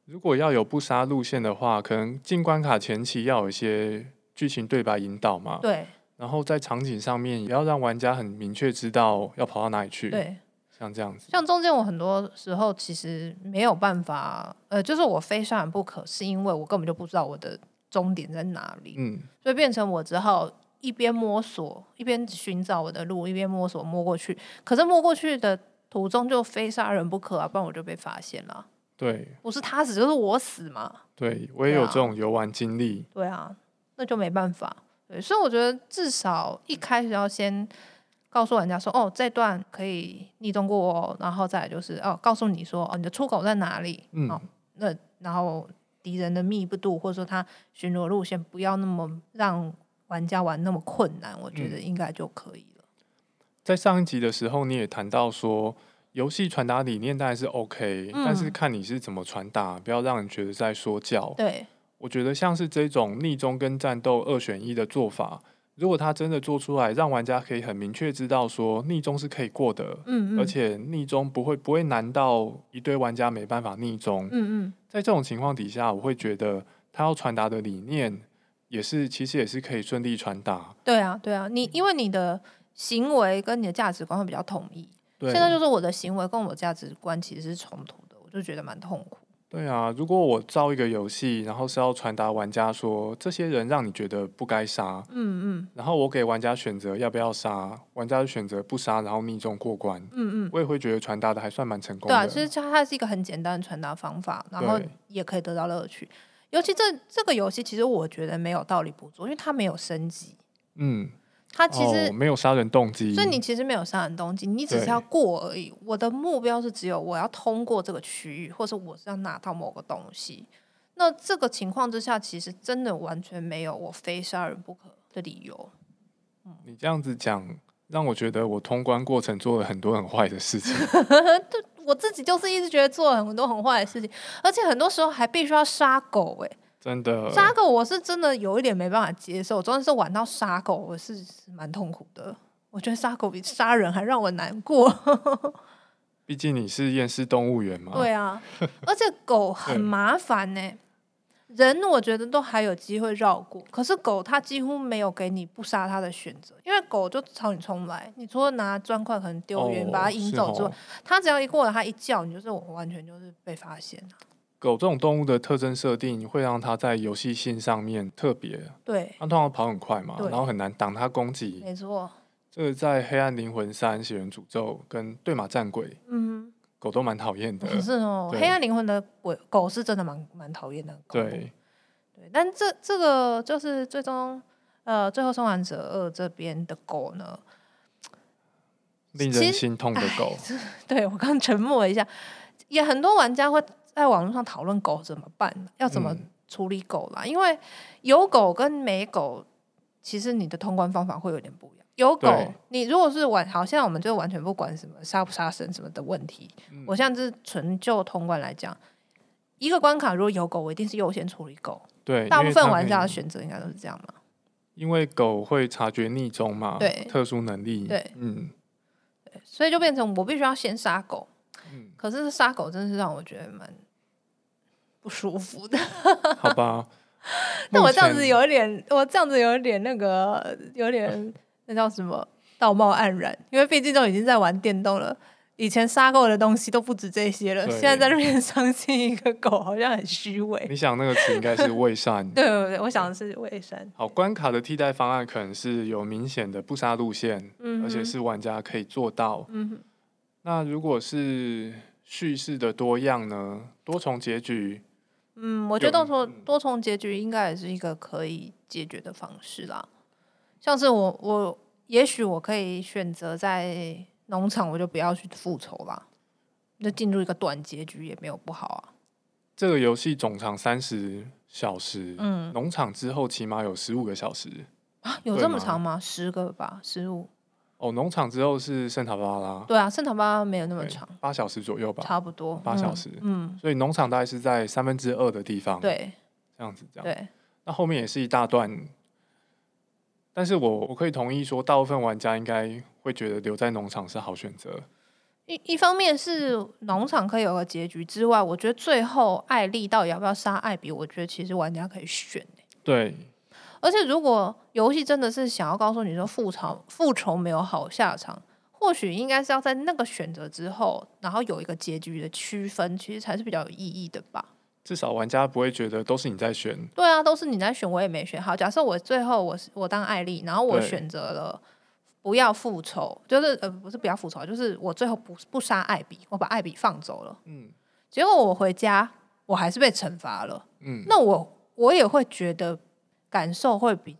S2: 如果要有不殺路線的話，可能進關卡前期要有一些劇情對白引導嘛，對。然後在場景上面也要讓玩家很明確知道要跑到哪裡去，對。像這樣子，
S1: 像中間我很多時候其實沒有辦法，呃，就是我非殺人不可，是因為我根本就不知道我的終點在哪裡，嗯，所以變成我只好一邊摸索，一邊尋找我的路，一邊摸索摸過去，可是摸過去的，途中就非殺人不可啊，不然我就被發現了。對，不是他死就是我死
S2: 嘛。對，我也有這種遊玩經歷。
S1: 對啊，那就沒辦法。對，所以我覺得至少一開始要先告訴玩家說：“哦，這段可以逆通過哦。”然後再來就是哦，告訴你說：“哦，你的出口在哪裡？”嗯、哦、那然後敵人的密不度或者說他巡邏路線不要那麼讓玩家玩那麼困難，我覺得應該就可以。嗯。
S2: 在上一集的時候，你也談到說，遊戲傳達理念當然是 OK，嗯，但是看你是怎麼傳達，不要讓人覺得在說教。對，我覺得像是這種匿蹤跟戰鬥二選一的做法，如果他真的做出來，讓玩家可以很明確知道說匿蹤是可以過的，嗯嗯，而且匿蹤不會不會難到一堆玩家沒辦法匿蹤。嗯嗯，在這種情況底下，我會覺得他要傳達的理念也是其實也是可以順利傳達。
S1: 對啊，對啊，你因為你的。行為跟你的價值觀會比較統一。對。現在就是我的行為跟我的價值觀其實是衝突的，我就覺得蠻痛苦。
S2: 對啊，如果我造一個遊戲，然後是要傳達玩家說，這些人讓你覺得不該殺。嗯嗯。然後我給玩家選擇要不要殺，玩家就選擇不殺，然後命中過關。嗯嗯。我也會覺得傳達的還算蠻成功的。對啊，其
S1: 實它是一個很簡單的傳達方法，然後也可以得到樂趣。尤其這這個遊戲，其實我覺得沒有道理不做，因為它沒有升級。嗯。他其實、哦、沒
S2: 有殺人動機，所以你
S1: 其實沒有殺人動機，你只是要過而已。我的目標是只有我要通過這個區域，或是我是要拿到某個東西。那這個情況之下，其實真的完全沒有我非殺人不可的理由。
S2: 你這樣子講，讓我覺得我通關過程做了很多很壞的事情。
S1: 對， 我自己就是一直覺得做了很多很壞的事情，而且很多時候還必須要殺狗誒、欸。真的殺狗，我是真的有一點沒辦法接受。真的是玩到殺狗，我是蠻痛苦的。我覺得殺狗比殺人還讓我難過。
S2: 畢竟你是厭世動物園嘛。對啊，
S1: 而且狗很麻煩呢、欸。人我覺得都還有機會繞過，可是狗它幾乎沒有給你不殺它的選擇，因為狗就朝你衝來。你除了拿磚塊可能丟遠，哦、把它引走之外，它、哦、只要一過來，它一叫，你就是我完全就是被發現了。
S2: 狗這種動物的特徵設定會讓它在遊戲性上面特別，對它通常跑很快嘛，然後很難擋它攻擊，沒錯。這個在《黑暗靈魂三》《血源詛咒》跟《對馬戰鬼》
S1: 嗯，
S2: 狗都蠻討厭的、嗯，是哦。《黑暗
S1: 靈魂》的鬼狗是真的蠻蠻討厭的，對對。但這這個就是最終呃，最後《生還者二》這邊的狗呢，
S2: 令人心痛的狗。
S1: 對我剛剛沉默了一下，也很多玩家會。在網絡上討論狗怎麼辦，要怎麼處理狗啦、嗯？因為有狗跟沒狗，其實你的通關方法會有點不一樣。有狗，你如果是玩，好像我們就完全不管什麼殺不殺生什麼的問題。嗯、我現在是純就通關來講，一個關卡如果有狗，我一定是優先處理狗。
S2: 對，大部分玩家的選
S1: 擇應該都是這樣嘛？
S2: 因為狗會察覺匿蹤嘛，對，特殊能力，對，嗯，對，
S1: 所以就變成我必須要先殺狗。可是殺狗真是讓我覺得蠻不舒服的，
S2: 好吧？那我這樣子有
S1: 點，我這樣子有點那個，有點那叫什麼道貌岸然？因為畢竟都已經在玩電動了，以前殺狗的東西都不止這些了，現在在那邊傷心一個狗，好像很虛偽。
S2: 你想那個詞應該是偽善？
S1: 對對，我想的是偽善。
S2: 好，關卡的替代方案可能是有明顯的不殺路線，嗯，而且是玩家可以做到，嗯。那如果是敘事的多樣呢？多重結局，
S1: 嗯，我覺得說多重結局應該也是一個可以解決的方式啦。像是我我也許我可以選擇在農場，我就不要去復仇啦，就進入一個短結局也沒有不好啊。
S2: 這個遊戲總長三十小時，嗯，農場之後起碼有十五個小時啊。有這麼長嗎？
S1: 十個吧，十五。
S2: 哦，農場之後是聖塔芭芭拉。對
S1: 啊，聖塔芭芭沒有
S2: 那麼長，八小時左右吧。差不
S1: 多，八小時。嗯，
S2: 所以農場大概是在三分之二的地方。對，這樣子這樣。對，那後面也是一大段。但是我我可以同意說，大部分玩家應該會覺得留在農場是好選擇。
S1: 一一方面是農場可以有個結局之外，我覺得最後艾莉到底要不要殺艾比，我覺得其實玩家可以選、欸。對。而且，如果遊戲真的是想要告訴你說復仇復仇沒有好下場，或許應該是要在那個選擇之後，然後有一個結局的區分，其實才是比較有意義的吧。
S2: 至少玩家不會覺得都是你在選。
S1: 對啊，都是你在選，我也沒選好。假設我最後我是我當艾莉，然後我選擇了不要復仇，就是呃不是不要復仇，就是我最後不不殺艾比，我把艾比放走了。嗯。結果我回家，我還是被懲罰了。嗯。那我我也會覺得。感受會比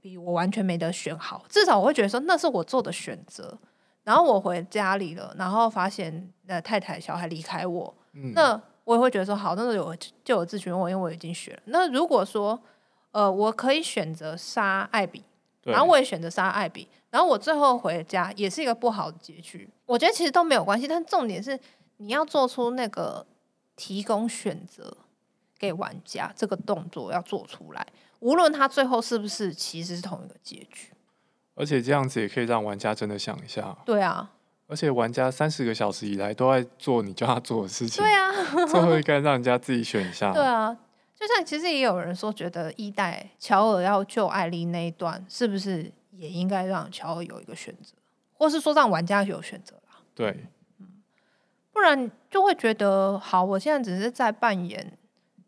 S1: 比我完全沒得選好，至少我會覺得說那是我做的選擇。然後我回家裡了，然後發現呃太太小孩離開我，嗯、那我也會覺得說好。那有就有諮詢我，因為我已經選了。那如果說呃我可以選擇殺艾比，然後我也選擇殺艾比，然後我最後回家也是一個不好的結局。我覺得其實都沒有關係，但重點是你要做出那個提供選擇給玩家這個動作要做出來。無論他最後是不是，其實是同一個結局。
S2: 而且這樣子也可以讓玩家真的想一下。對啊。而且玩家三十個小時以來都在做你叫他做的事情。對啊。
S1: 最後應
S2: 該讓人家自己選一下。對
S1: 啊。就像其實也有人說，覺得一代喬爾要救艾麗那一段，是不是也應該讓喬爾有一個選擇，或是說讓玩家有選擇啊？對。嗯。不然就會覺得，好，我現在只是在扮演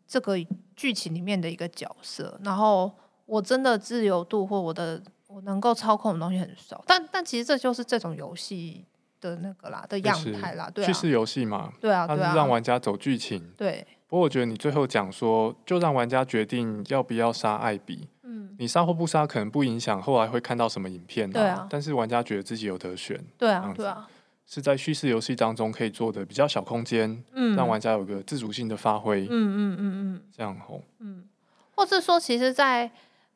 S1: 這個。劇情裡面的一個角色，然後我真的自由度或我的我能夠操控的東西很少，但但其實這就是這種遊戲的那個啦的樣態啦，敘事
S2: 遊戲嘛，對啊，它是讓玩家走劇情，對啊，對啊。不過我覺得你最後講說，就讓玩家決定要不要殺艾比，嗯，你殺或不殺可能不影響後來會看到什麼影片啊，對啊，但是玩家覺得自己有得選，
S1: 對啊，對啊。
S2: 是在敘事遊戲當中可以做的比較小空間，嗯，讓玩家有個自主性的發揮，
S1: 嗯嗯嗯嗯，這樣吼，嗯，或是說，其實，在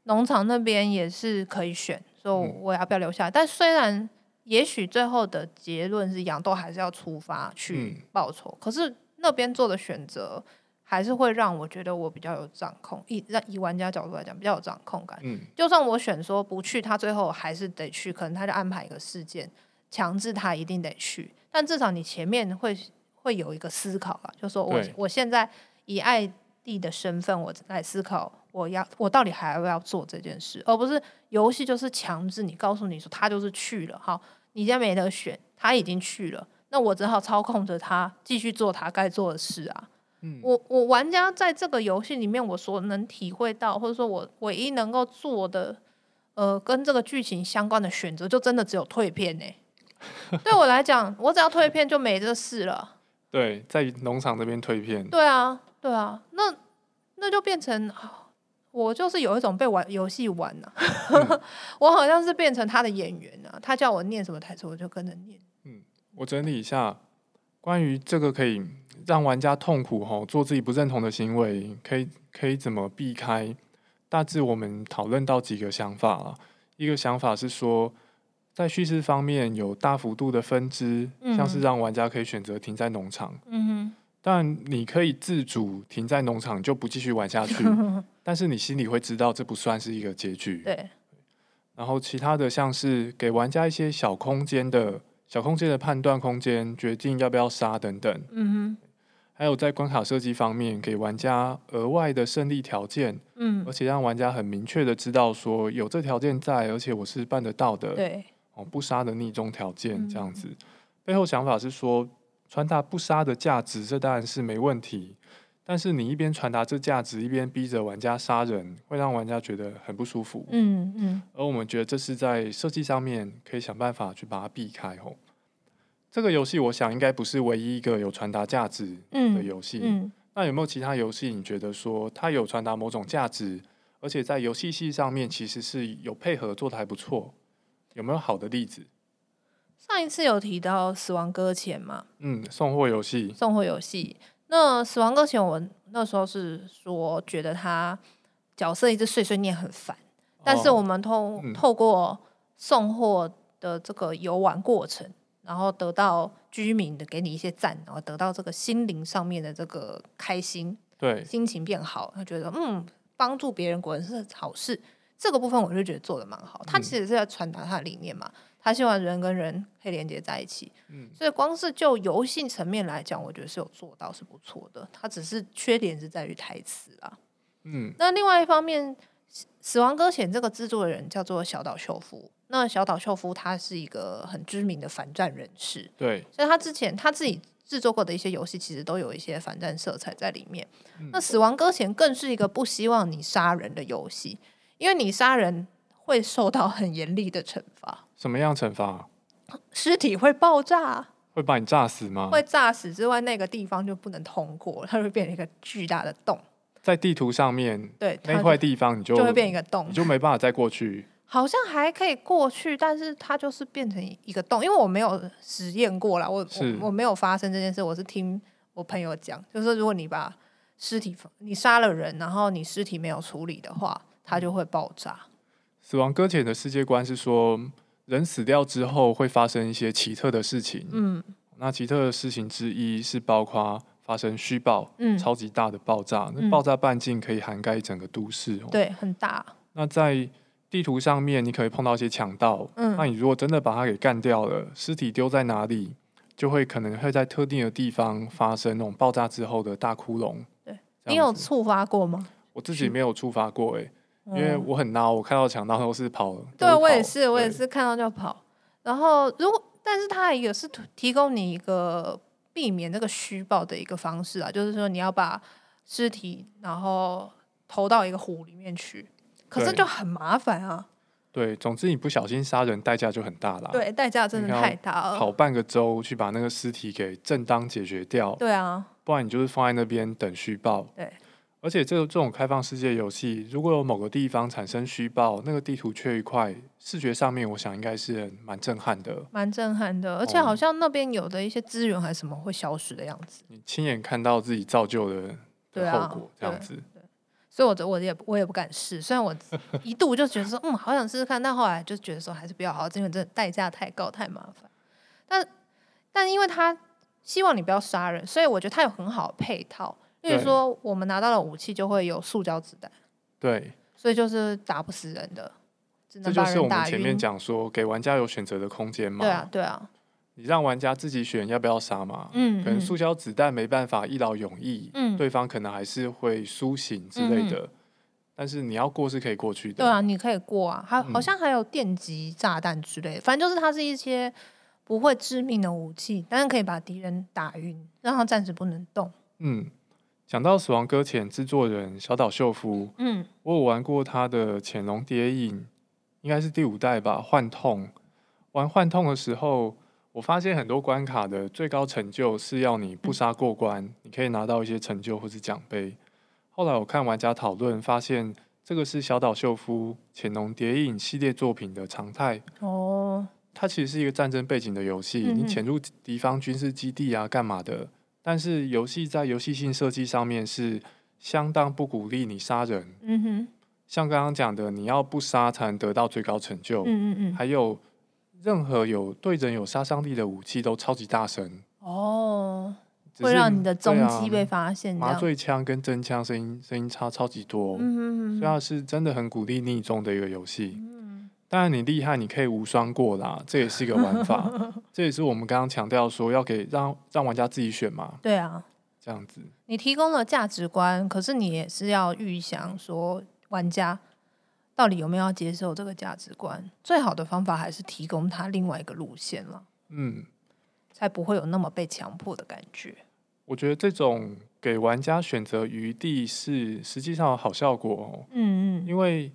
S1: 農場那邊也是可以選，說我要不要留下。嗯。但雖然，也許最後的結論是楊都還是要出發去報仇，嗯，可是那邊做的選擇還是會讓我覺得我比較有掌控，以讓以玩家角度來講比較有掌控感。嗯。就算我選說不去，他最後還是得去，可能他就安排一個事件。強制他一定得去，但至少你前面會會有一個思考了、啊，就說我我現在以艾蒂的身份，我在思考，我要我到底還要不要做這件事，而不是遊戲就是強制你告訴你說他就是去了，好，你現在沒得選，他已經去了，那我只好操控着他繼續做他該做的事啊。嗯，我我玩家在這個遊戲裡面，我所能體會到，或者說，我唯一能夠做的，呃，跟這個劇情相關的選擇，就真的只有退片呢。 對我來講，我只要退片就沒這事了。
S2: 對，在農場這邊退片。
S1: 對啊，對啊，那那就變成我就是有一種被玩遊戲玩了、啊， 我好像是變成他的演員了、啊。他叫我念什麼台詞，我就跟着念。嗯，
S2: 我整理一下，關於這個可以讓玩家痛苦、做自己不認同的行為，可以可以怎麼避開？大致我們討論到幾個想法、啊、一個想法是說，在敘事方面有大幅度的分支，像是讓玩家可以選擇停在農場。但、嗯、你可以自主停在農場，就不繼續玩下去， 但是你心裡會知道這不算是一個結局。
S1: 對。
S2: 然後其他的像是給玩家一些小空間的小空間的判斷空間，決定要不要殺等等、嗯。還有在關卡設計方面，給玩家額外的勝利條件、嗯。而且讓玩家很明確的知道說有這條件在，而且我是辦得到的。對。哦，不殺的逆中條件這樣子，嗯，背後想法是說，傳達不殺的價值，這當然是沒問題。但是你一邊傳達這價值，一邊逼着玩家殺人，會讓玩家覺得很不舒服。嗯嗯。而我們覺得這是在設計上面可以想辦法去把它避開。哦，這個遊戲我想應該不是唯一一個有傳達價值的遊戲，嗯。嗯。那有沒有其他遊戲你覺得說它有傳達某種價值，而且在遊戲性上面其實是有配合做得還不錯？有沒有好的例子？
S1: 上一次有提到《死亡擱淺》嘛。
S2: 嗯，送貨遊戲，送
S1: 貨遊戲。那《死亡擱淺》，我那時候是說覺得他角色一直碎碎念很煩，
S2: 哦，但是我們
S1: 透，嗯，透過送貨的這個遊玩過程，然後得到居民的給你一些贊，然後得到這個心靈上面的這個開心，對，心情變好，他覺得嗯，幫助別人果然是好事。這個部分我就覺得做得蠻好，他其實是在傳達他的理念嘛，嗯、他希望人跟人可以連接在一起，嗯，所以光是就遊戲層面來講，我覺得是有做到是不錯的，他只是缺點是在於台詞啊。嗯。那另外一方面，《死亡擱淺》這個制作的人叫做小島秀夫，那小島秀夫他是一個很知名的反戰人士，對，所以他之前他自己制作過的一些遊戲，其實都有一些反戰色彩在裡面。嗯、那《死亡擱淺》更是一個不希望你殺人的遊戲。因為你殺人會受到很嚴厲的懲罰，
S2: 什麼樣懲罰？
S1: 屍體會爆炸，
S2: 會把你炸死嗎？會
S1: 炸死之外，那個地方就不能通過，它會變成一個巨大的洞。
S2: 在地圖上面，對那塊地方，你就就，就會變一個洞，你就沒辦法再過去。
S1: 好像還可以過去，但是它就是變成一個洞。因為我沒有實驗過啦，我我我沒有發生這件事，我是聽我朋友講，就是如果你把屍體你殺了人，然後你屍體沒有處理的話。它就會爆炸。
S2: 死亡擱淺的世界觀是說，人死掉之後會發生一些奇特的事情。嗯，那奇特的事情之一是包括發生虛爆，嗯，超級大的爆炸，那爆炸半徑可以涵蓋整個都市，嗯，喔，對，很大。那在地圖上面，你可以碰到一些強盜，嗯，那你如果真的把他給幹掉了，屍體丟在哪裡，就會可能會在特定的地方發生那種爆炸之後的大窟窿。
S1: 對，你有觸發過
S2: 嗎？我自己沒有觸發過，欸，因為我很孬，我看到強盜都是跑，都是跑、嗯。
S1: 對，我也是，我也是看到就跑。然後，如果但是他也是提供你一個避免那個虛報的一個方式啊，就是說你要把屍體然後投到一個湖裡面去，
S2: 可是就
S1: 很麻煩啊。對，
S2: 對，總之你不小心殺人，代價就很大啦。對，
S1: 代價真的太大了。跑
S2: 半個州去把那個屍體給正當解決掉。對啊。不然你就是放在那邊等虛報。對。而且這個這種開放世界遊戲，如果有某個地方產生虛爆，那個地圖缺一塊，視覺上面我想應該是蠻震撼的，
S1: 蠻震撼的。而且好像那邊有的一些資源還是什麼會消失的樣子。哦、你
S2: 親眼看到自己造就的，
S1: 的後果對啊，這樣子。所以我，我我也我也不敢試。雖然我一度就覺得說， 嗯，好想試試看，但後來就覺得說，還是不要好，因為真的代價太高，太麻煩。但但因為他希望你不要殺人，所以我覺得他有很好的配套。所以說，我們拿到了武器就會有塑膠子彈，對，所以就是打不死人的，人這就是我們前面
S2: 講說給玩家有選擇的空間嘛。對啊，對啊，你讓玩家自己選要不要殺嘛。嗯，可能塑膠子彈沒辦法一勞永逸，嗯，對方可能還是會蘇醒之類的，嗯。但是你要過是可以過去的。對
S1: 啊，你可以過啊，還好像還有電擊炸彈之類的，反正就是它是一些不會致命的武器，但是可以把敵人打暈，讓他暫時不能動。
S2: 嗯。想到《死亡擱淺》，製作人小島秀夫，嗯，我有玩過他的《潛龍諜影》，應該是第五代吧，《幻痛》。玩《幻痛》的時候，我發現很多關卡的最高成就，是要你不殺過關，嗯，你可以拿到一些成就或是獎盃。後來我看玩家討論，發現這個是小島秀夫《潛龍諜影》系列作品的常態。
S1: 哦，
S2: 它其實是一個戰爭背景的遊戲，嗯，你潛入敵方軍事基地啊，幹嘛的？但是遊戲在遊戲性設計上面是相當不鼓勵你殺人。嗯哼，像剛剛講的，你要不殺才能得到最高成就。嗯，嗯還有任何有對人有殺傷力的武器都超級大聲。
S1: 哦，
S2: 會讓你的蹤跡被
S1: 發現。麻醉
S2: 槍跟真槍聲音聲音差超級多。嗯哼，嗯哼，主要是真的很鼓勵匿蹤的一個遊戲。當然，你厲害，你可以無雙過啦。這也是一個玩法， 這也是我們剛剛強調說要給讓讓玩家自己選嘛。對啊，這樣子。
S1: 你提供了價值觀，可是你也是要預想說玩家到底有沒有要接受這個價值觀？最好的方法還是提供他另外一個路線了。嗯，才不會有那麼被強
S2: 迫的感覺。我覺得這種給玩家選擇餘地是實際上的好效果喔。嗯嗯，因為。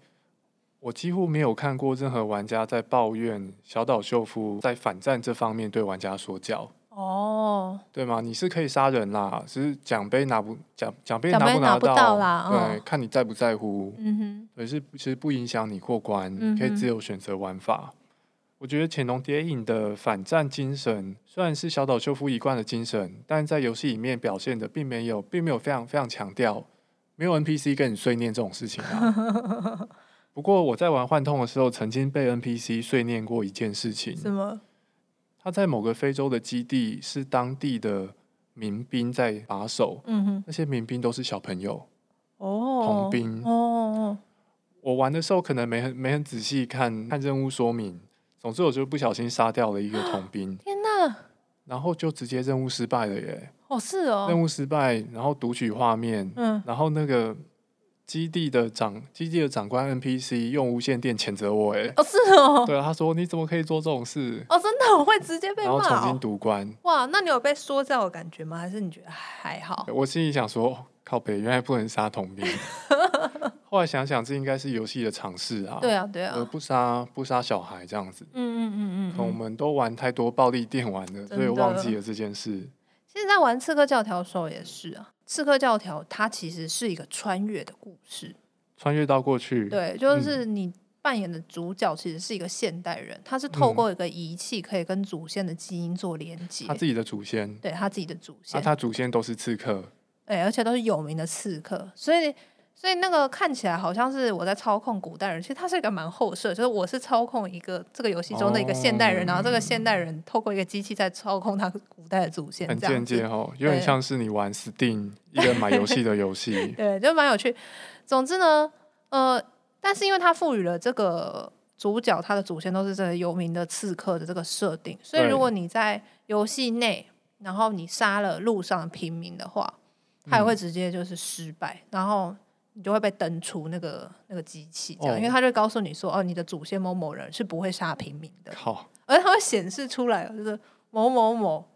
S2: 我幾乎沒有看過任何玩家在抱怨小島秀夫在反戰這方面對玩家說教。哦，對嗎？你是可以殺人啦，只是獎杯拿不獎獎杯拿不拿到，拿不到啦，哦，對，看你在不在乎。嗯是其實不影響你過關，你可以自由選擇玩法，嗯。我覺得《潛龍諜影》的反戰精神雖然是小島秀夫一貫的精神，但在遊戲裡面表現的並沒有並沒有非常非常強調，沒有 NPC 跟你碎念這種事情啊。 不過我在玩幻痛的時候，曾經被 NPC 碎念過一件事情。什麼？他在某個非洲的基地，是當地的民兵在把守。那些民兵都是小朋友。
S1: 哦，童兵
S2: 哦。我玩的時候可能沒很沒很仔細看，看任務說明。總之，我就不小心殺掉了一個童兵。天哪！然後就直接任務失敗了耶。
S1: 哦，是哦。任務
S2: 失敗，然後讀取畫面。然後那個。基地的長，基地的長官 N P C 用無線電譴責我、欸，哎，哦，是哦、喔，對啊，他說你怎麼可以做這種事？
S1: 哦，真的，我會直接被罵、喔，然後重新讀關。哇，那你有被說教的感覺嗎？還是你覺得還好？
S2: 我心裡想說，靠北，原來不能殺童兵。 後來想想，這應該是遊戲的常識啊。對啊，對啊，而不殺不殺小孩這樣子。
S1: 嗯嗯嗯嗯，我
S2: 們都玩太多暴力電玩了，的所以忘記了這件事。
S1: 現在玩《刺客教條》的時候也是啊。《刺客教條》它其實是一個穿越的故事，
S2: 穿越到過去。對，就是
S1: 你扮演的主角其實是一個現代人，嗯、他是透過一個儀器可以跟祖先的基因做連接、嗯，他自
S2: 己的祖先，對
S1: 他自己的祖先，啊、他
S2: 祖先都是刺客，
S1: 對，而且都是有名的刺客，所以。所以那個看起來好像是我在操控古代人，其實他是一個蠻後設，就是我是操控一個這個遊戲中的一個現代人，oh, okay. 然後這個現代人透過一個機器在操控他古代的祖先。很間接哦，有點像
S2: 是你玩 Steam，一個買遊戲的遊戲。
S1: 對，就蠻有趣。總之呢，呃，但是因為它賦予了這個主角他的祖先都是這個有名的刺客的這個設定，所以如果你在遊戲內，然後你殺了路上平民的話，
S2: 他也會直
S1: 接就是失敗，嗯、然後。你就會被登出那個那個機器，這樣，哦、因為他就告訴你說，哦，你的祖先某某人是不會殺平民的，好，而他會顯示出來，就是某某某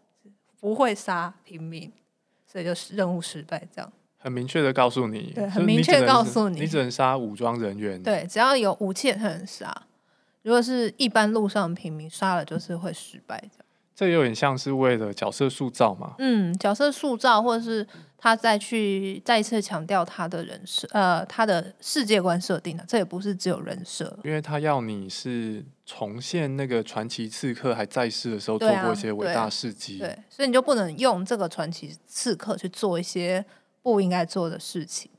S1: 不會殺平民，所以就是任務失敗，這樣。
S2: 很明確的告訴你，對，很明確告訴你，你只能殺武裝人員，
S1: 對，只要有武器才能殺，如果是一般路上平民殺了，就是會失敗這樣。
S2: 這有點像是為了角色塑造嘛？
S1: 嗯，角色塑造，或者是他再去再一次強調他的人設，呃，他的世界觀設定的，這也不是只有人設，
S2: 因為他要你是重現那個傳奇刺客還在世的時候做過一些偉大事蹟，對啊，對啊，
S1: 對，所以你就不能用這個傳奇刺客去做一些不應該做的事情。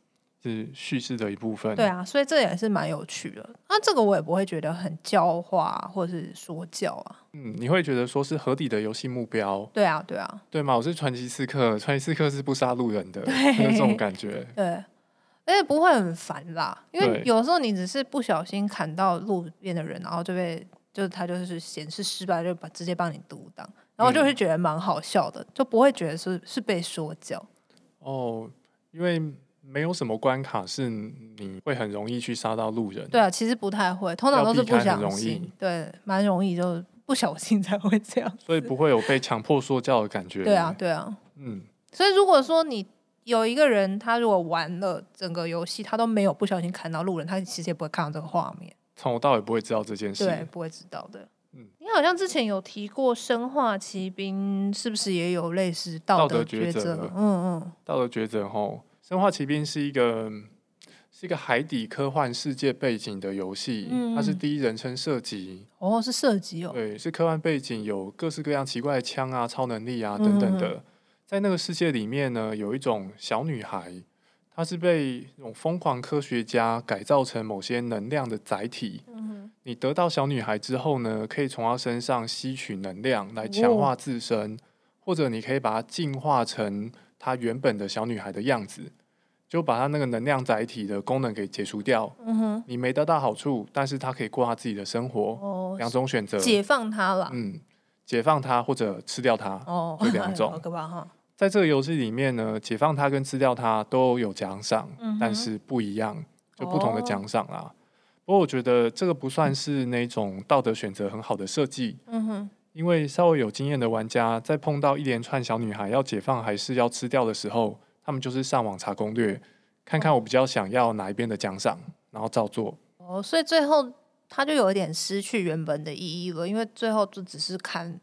S2: 是敘事的一部分。對啊，
S1: 所以這也是蠻有趣的。那、啊、這個我也不會覺得很教化、啊、或是說教啊。嗯，
S2: 你會覺得說是合理的遊戲目標。對啊，對啊，對嘛。我是傳奇刺客，傳奇刺客是不殺路人的，有、那個、這種感覺。
S1: 對，而且不會很煩啦，因為有時候你只是不小心砍到路邊的人，然後就被就是他就是顯示失敗，就把直接幫你讀檔，然後就會覺得蠻好笑的、嗯，就不會覺得是是被說教。
S2: 哦，因為。沒有什麼關卡是你會很容易去殺到路人？對
S1: 啊，其實不太會，通常都是不小心。容易對，蠻容易，就不小心才會這樣。
S2: 所以不會有被強迫說教的感覺。 對啊，對啊。嗯，
S1: 所以如果說你有一個人，他如果玩了整個遊戲，他都沒有不小心砍到路人，他其實也不會看到這個畫面。
S2: 從頭到尾不會知道這件事對，不會知道的。嗯，
S1: 你好像之前有提過《生化奇兵》，是不是也有類似道德抉擇？嗯嗯，
S2: 道德抉擇後《生化奇兵》是一個是一個海底科幻世界背景的遊戲，嗯嗯，它是第一人稱射擊。
S1: 哦，是射擊哦。對，
S2: 是科幻背景，有各式各樣奇怪的槍啊、超能力啊等等的，嗯。在那個世界裡面呢，有一種小女孩，她是被那種瘋狂科學家改造成某些能量的載體。嗯。你得到小女孩之後呢，可以從她身上吸取能量來強化自身，哦，或者你可以把她進化成。她原本的小女孩的樣子，就把她那個能量載體的功能給解除掉、嗯。你沒得到好處，但是她可以過她自己的生活。兩、哦、種選擇，解
S1: 放她了。
S2: 嗯，解放她或者吃掉她。
S1: 哦，就兩種、哎。
S2: 在這個遊戲裡面呢，解放她跟吃掉她都有獎賞、嗯，但是不一樣，就不同的獎賞啦。不過我覺得這個不算是那種道德選擇很好的設計。嗯因為稍微有經驗的玩家，在碰到一連串小女孩要解放還是要吃掉的時候，他們就是上網查攻略，看看我比較想要哪一邊的獎賞，然後照做。
S1: 哦，所以最後他就有一點失去原本的意義了，因為最後就只是看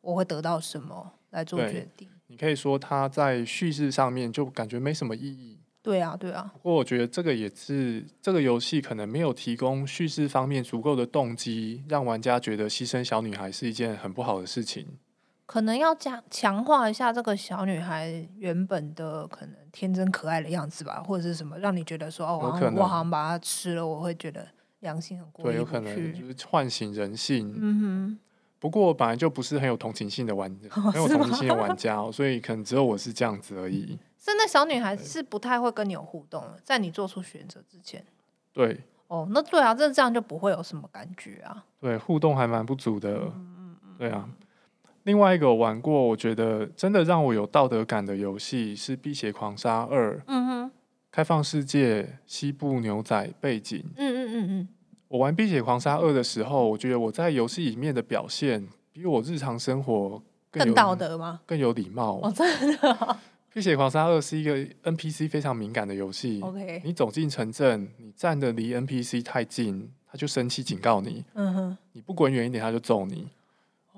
S1: 我會得到什麼來做決定。
S2: 你可以說他在敘事上面就感覺沒什麼意義。
S1: 對啊，對啊。
S2: 不過我覺得這個也是這個遊戲可能沒有提供敘事方面足夠的動機，讓玩家覺得犧牲小女孩是一件很不好的事情。
S1: 可能要加強化一下這個小女孩原本的可能天真可愛的樣子吧，或者是什麼，讓你覺得說哦、啊，我好我好像把她吃了，我會覺得良心很過。對，有可能
S2: 就是喚醒人性。嗯哼。不過本來就不是很有同情心的玩，沒有同情心的玩家， 所以可能只有我是這樣子而已。
S1: 真的，小女孩是不太會跟你有互動的，在你做出選擇之前。對哦，那對啊，那這樣就不會有什麼感覺啊。
S2: 對，互動還蠻不足的、嗯。對啊。另外一個我玩過，我覺得真的讓我有道德感的遊戲是《碧血狂殺二》。嗯
S1: 哼，
S2: 開放世界，西部牛仔背景。嗯嗯嗯嗯。我玩《碧血狂殺二》的時候，我覺得我在遊戲裡面的表現，比我日常生活更，更道德嗎？更有禮貌、哦，真的。碧血狂殺二是一個 N P C 非常敏感的遊戲。Okay，你走進城鎮，你站得離 N P C 太近，他就生氣警告你。嗯、你不滾遠一點，他就揍你。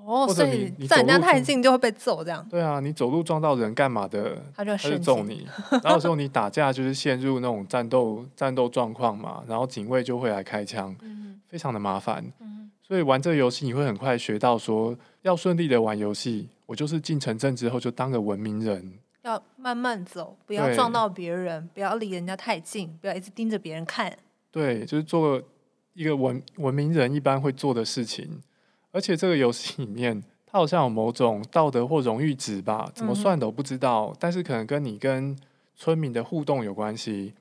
S2: 哦，所以你站人家太近
S1: 就會被揍，這樣。
S2: 對啊，你走路撞到人幹嘛的他？他就揍你。然後之後你打架就是陷入那種戰鬥 戰鬥狀況嘛，然後警衛就會來開槍、嗯，非常的麻煩、嗯。所以玩這個遊戲你會很快學到說，要順利的玩遊戲，我就是進城鎮之後就當個文明人。
S1: 要慢慢走，不要撞到別人，不要離人家太近，不要一直盯着別人看。
S2: 對，就是做一個文文明人一般會做的事情。而且這個遊戲裡面，它好像有某種道德或榮譽值吧？怎麼算都不知道，嗯。但是可能跟你跟村民的互動有關係。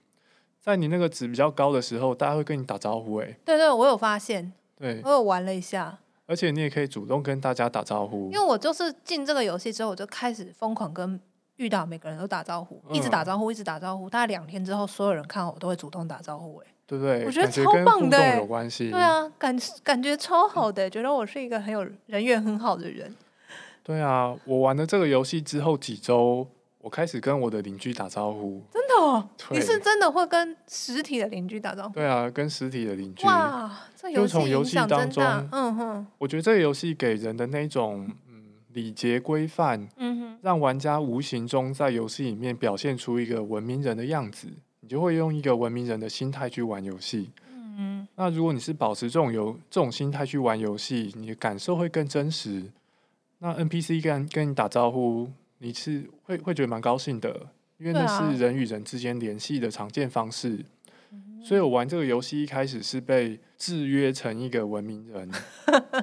S2: 在你那個值比較高的時候，大家會跟你打招呼。哎，
S1: 對對，我有發現，對我有玩了一下。
S2: 而且你也可以主動跟大家打招呼。因
S1: 為我就是進這個遊戲之後，我就開始瘋狂跟。遇到每個人都打招呼，嗯，一直打招呼，一直打招呼。大概兩天之後，所有人看到我都會主動打招呼。哎，
S2: 對不對，對？我覺得超棒的，有關係。對啊，
S1: 感感覺超好的，嗯，覺得我是一個很有人緣很好的人。
S2: 對啊，我玩了這個遊戲之後幾周，我開始跟我的鄰居打招呼。
S1: 真的？喔？你是真的會跟實體的鄰居打招呼？對
S2: 啊，跟實體的鄰居。
S1: 哇，這遊戲影響真大。嗯
S2: 哼。我覺得這個遊戲給人的那種禮節規範，讓玩家無形中在遊戲裡面表現出一個文明人的樣子，你就會用一個文明人的心態去玩遊戲。嗯哼，那如果你是保持這種遊這種心態去玩遊戲，你的感受會更真實。那 NPC 跟跟你打招呼，你是會會覺得蠻高興的，
S1: 因為那是人
S2: 與人之間聯繫的常見方式。嗯。所以我玩這個遊戲一開始是被制約成一個文明人，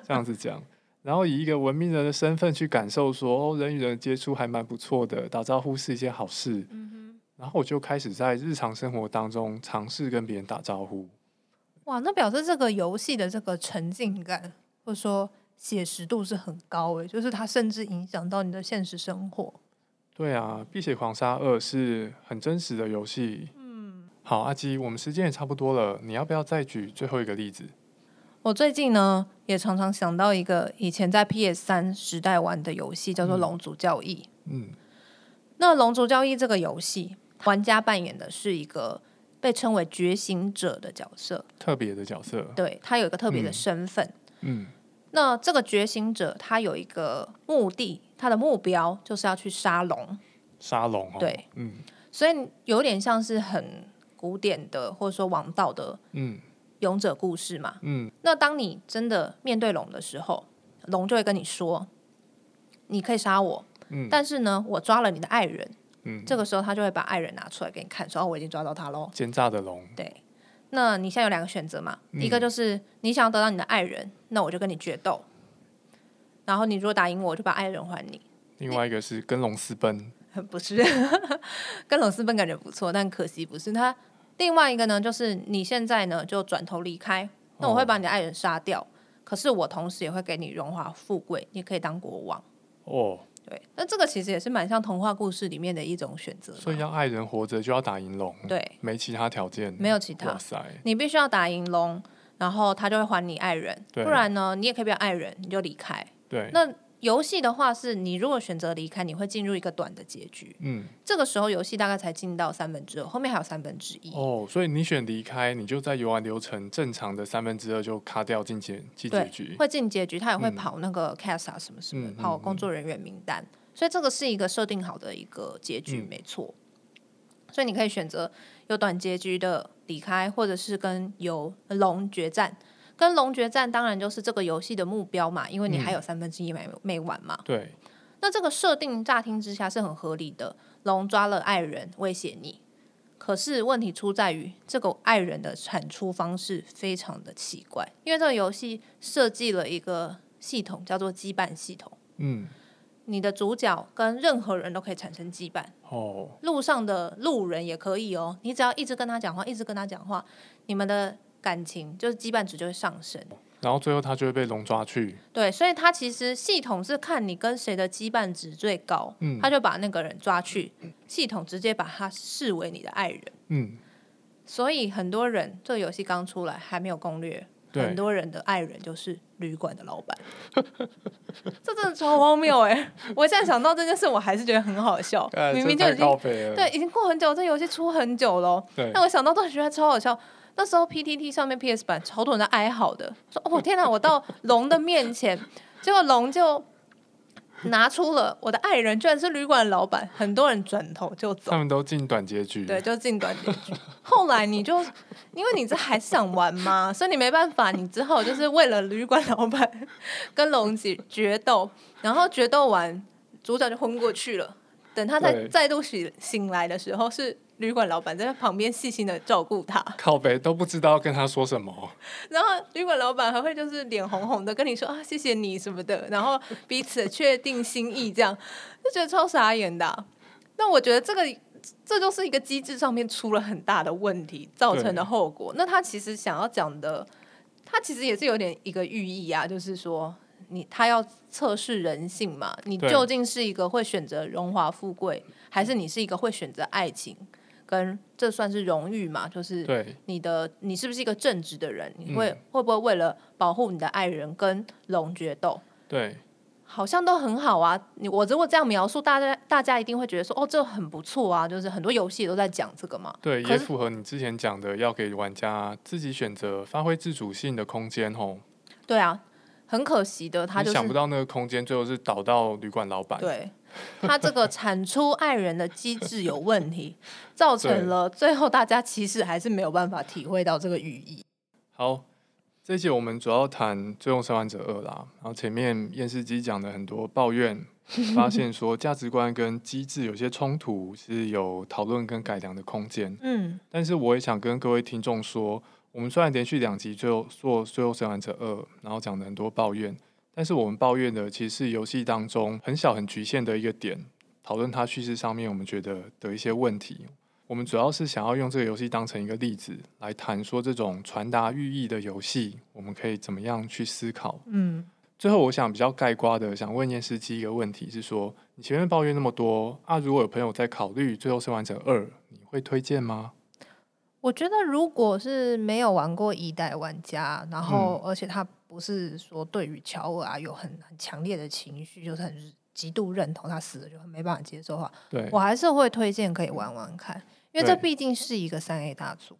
S2: 這樣子講。 然後以一個文明人的身份去感受說，說、哦、人與人接觸還蠻不錯的，打招呼是一件好事。嗯哼，然後我就開始在日常生活當中嘗試跟別人打招呼。
S1: 哇，那表示這個遊戲的這個沉浸感或者說寫實度是很高的，就是它甚至影響到你的現實生活。
S2: 對啊，《碧血狂殺二》是很真實的遊戲。嗯，好，阿基，我們時間也差不多了，你要不要再舉最後一個例子？
S1: 我最近呢，也常常想到一個以前在 PS 三時代玩的遊戲，叫做《龍族教義》。嗯。嗯，那《龍族教義》這個遊戲，玩家扮演的是一個被稱為“覺醒者”的角色，
S2: 特別的角色。對，
S1: 他有一個特別的身份、嗯。嗯，那這個覺醒者，他有一個目的，他的目標就是要去殺龍。
S2: 殺龍、哦？對，
S1: 嗯，所以有點像是很古典的，或者說王道的。嗯。勇者故事嘛，嗯，那當你真的面對龍的時候，龍就會跟你說，你可以殺我，嗯，但是呢，我抓了你的愛人，嗯，這個時候他就會把愛人拿出來給你看，說，我已經抓到他嘍。
S2: 奸詐的龍，對，
S1: 那你現在有兩個選擇嘛，嗯，一個就是你想要得到你的愛人，那我就跟你決鬥，然後你如果打贏我，就把愛人還你。
S2: 另外一個是跟龍私奔，
S1: 嗯，不是， 跟龍私奔感覺不錯，但可惜不是他。另外一個呢，就是你現在呢就轉頭離開，那我會把你的愛人殺掉，oh. 可是我同時也會給你榮華富貴，你可以當國王
S2: 哦。Oh.
S1: 對，那這個其實也是蠻像童話故事裡面的一種選擇，所
S2: 以要愛人活着就要打贏龍，對，沒其他條件，沒
S1: 有其他。哇塞，你必須要打贏龍，然後他就會還你愛人，不然呢，你也可以不要愛人，你就離開。對，那。遊戲的話，是你如果選擇離開，你會進入一個短的結局。嗯，這個時候遊戲大概才進到三分之二，後面還有三分之一。
S2: 哦、oh，所以你選離開，你就在遊玩流程正常的三分之二就卡掉進結，進結局。對，會
S1: 進結局，他也會跑那個卡司什麼什麼，嗯、跑工作人員名單。嗯嗯嗯，所以這個是一個設定好的一個結局，沒錯、嗯。所以你可以選擇有短結局的離開，或者是跟有龍決戰。跟龍決戰當然就是這個遊戲的目標嘛，因為你還有三分之一沒沒玩嘛。
S2: 對。
S1: 那這個設定乍聽之下是很合理的，龍抓了愛人威脅你，可是問題出在於這個愛人的產出方式非常的奇怪，因為這個遊戲設計了一個系統叫做羈絆系統。嗯。你的主角跟任何人都可以產生羈絆哦，路上的路人也可以哦，你只要一直跟他講話，一直跟他講話，你們的。感情就是羈絆值就會上升，
S2: 然後最後他就會被龍抓去。
S1: 對，所以他其實系統是看你跟誰的羈絆值最高，嗯，他就把那個人抓去，系統直接把他視為你的愛人，嗯。所以很多人這個遊戲剛出來還沒有攻略，對，很多人的愛人就是旅館的老闆， 這真的超荒謬哎！我現在想到這件事，我還是覺得很好笑。明明就已經對，已經過很久，這遊戲出很久了，但我想到都覺得超好笑。那時候 P T T 上面 P S 版，好多人在哀嚎的說：“哦天哪，我到龍的面前， 結果龍就拿出了我的愛人，居然是旅館老板。”很多人轉頭就走，他們
S2: 都進短，短結局，對，
S1: 就進短結局。後來你就因為你這還是想玩嘛，所以你沒辦法，你之後就是為了旅館老板跟龍決決鬥，然後決鬥完主角就昏過去了。等他再再度醒醒來的時候是，旅館老板在旁邊細心的照顧他，
S2: 靠北都不知道跟他說什麼。
S1: 然後旅館老板還會就是臉紅紅的跟你說啊，謝謝你什麼的，然後彼此確定心意，這樣就覺得超傻眼的啊。那我覺得這個這就是一個機制上面出了很大的問題造成的後果。那他其實想要講的，他其實也是有點一個寓意啊，就是說你他要測試人性嘛，你究竟是一個會選擇榮華富貴，還是你是一個會選擇愛情？跟這算是榮譽嘛？就是你的對，你是不是一個正直的人？你會、嗯、會不會為了保護你的愛人跟龍決鬥？對，好像都很好啊。你我如果這樣描述，大家大家一定會覺得說，哦，這很不錯啊。就是很多遊戲都在講這個嘛。
S2: 對，也符合你之前講的，要給玩家自己選擇、發揮自主性的空間哦。
S1: 對啊，很可惜的，他就是、想不到
S2: 那個空間，最後是導到旅館老板。對。
S1: 他這個產出愛人的機制有問題， 造成了最後大家其實還是沒有辦法體會到這個寓意。
S2: 好，這一集我們主要談《最後生還者二》啦，然後前面厭世姬講了很多抱怨，發現說價值觀跟機制有些衝突， 是有討論跟改良的空間。嗯，但是我也想跟各位聽眾說，我們雖然連續兩集就做《最後生還者二》，然後講了很多抱怨。但是我們抱怨的其實是遊戲當中很小很局限的一個點，討論它敘事上面我們覺得的一些問題。我們主要是想要用這個遊戲當成一個例子來談說這種傳達寓意的遊戲，我們可以怎麼樣去思考。嗯，最後我想比較蓋棺的，想問厭世姬一個問題：是說你前面抱怨那麼多啊，如果有朋友在考慮最後生還者二，你會推薦嗎？
S1: 我覺得，如果是沒有玩過一代玩家，然後而且他不是說對於喬爾啊有很很強烈的情緒，就是極度認同他死了就沒辦法接受的話，
S2: 對，我還
S1: 是會推薦可以玩玩看，因為這畢竟是一個三 A 大作，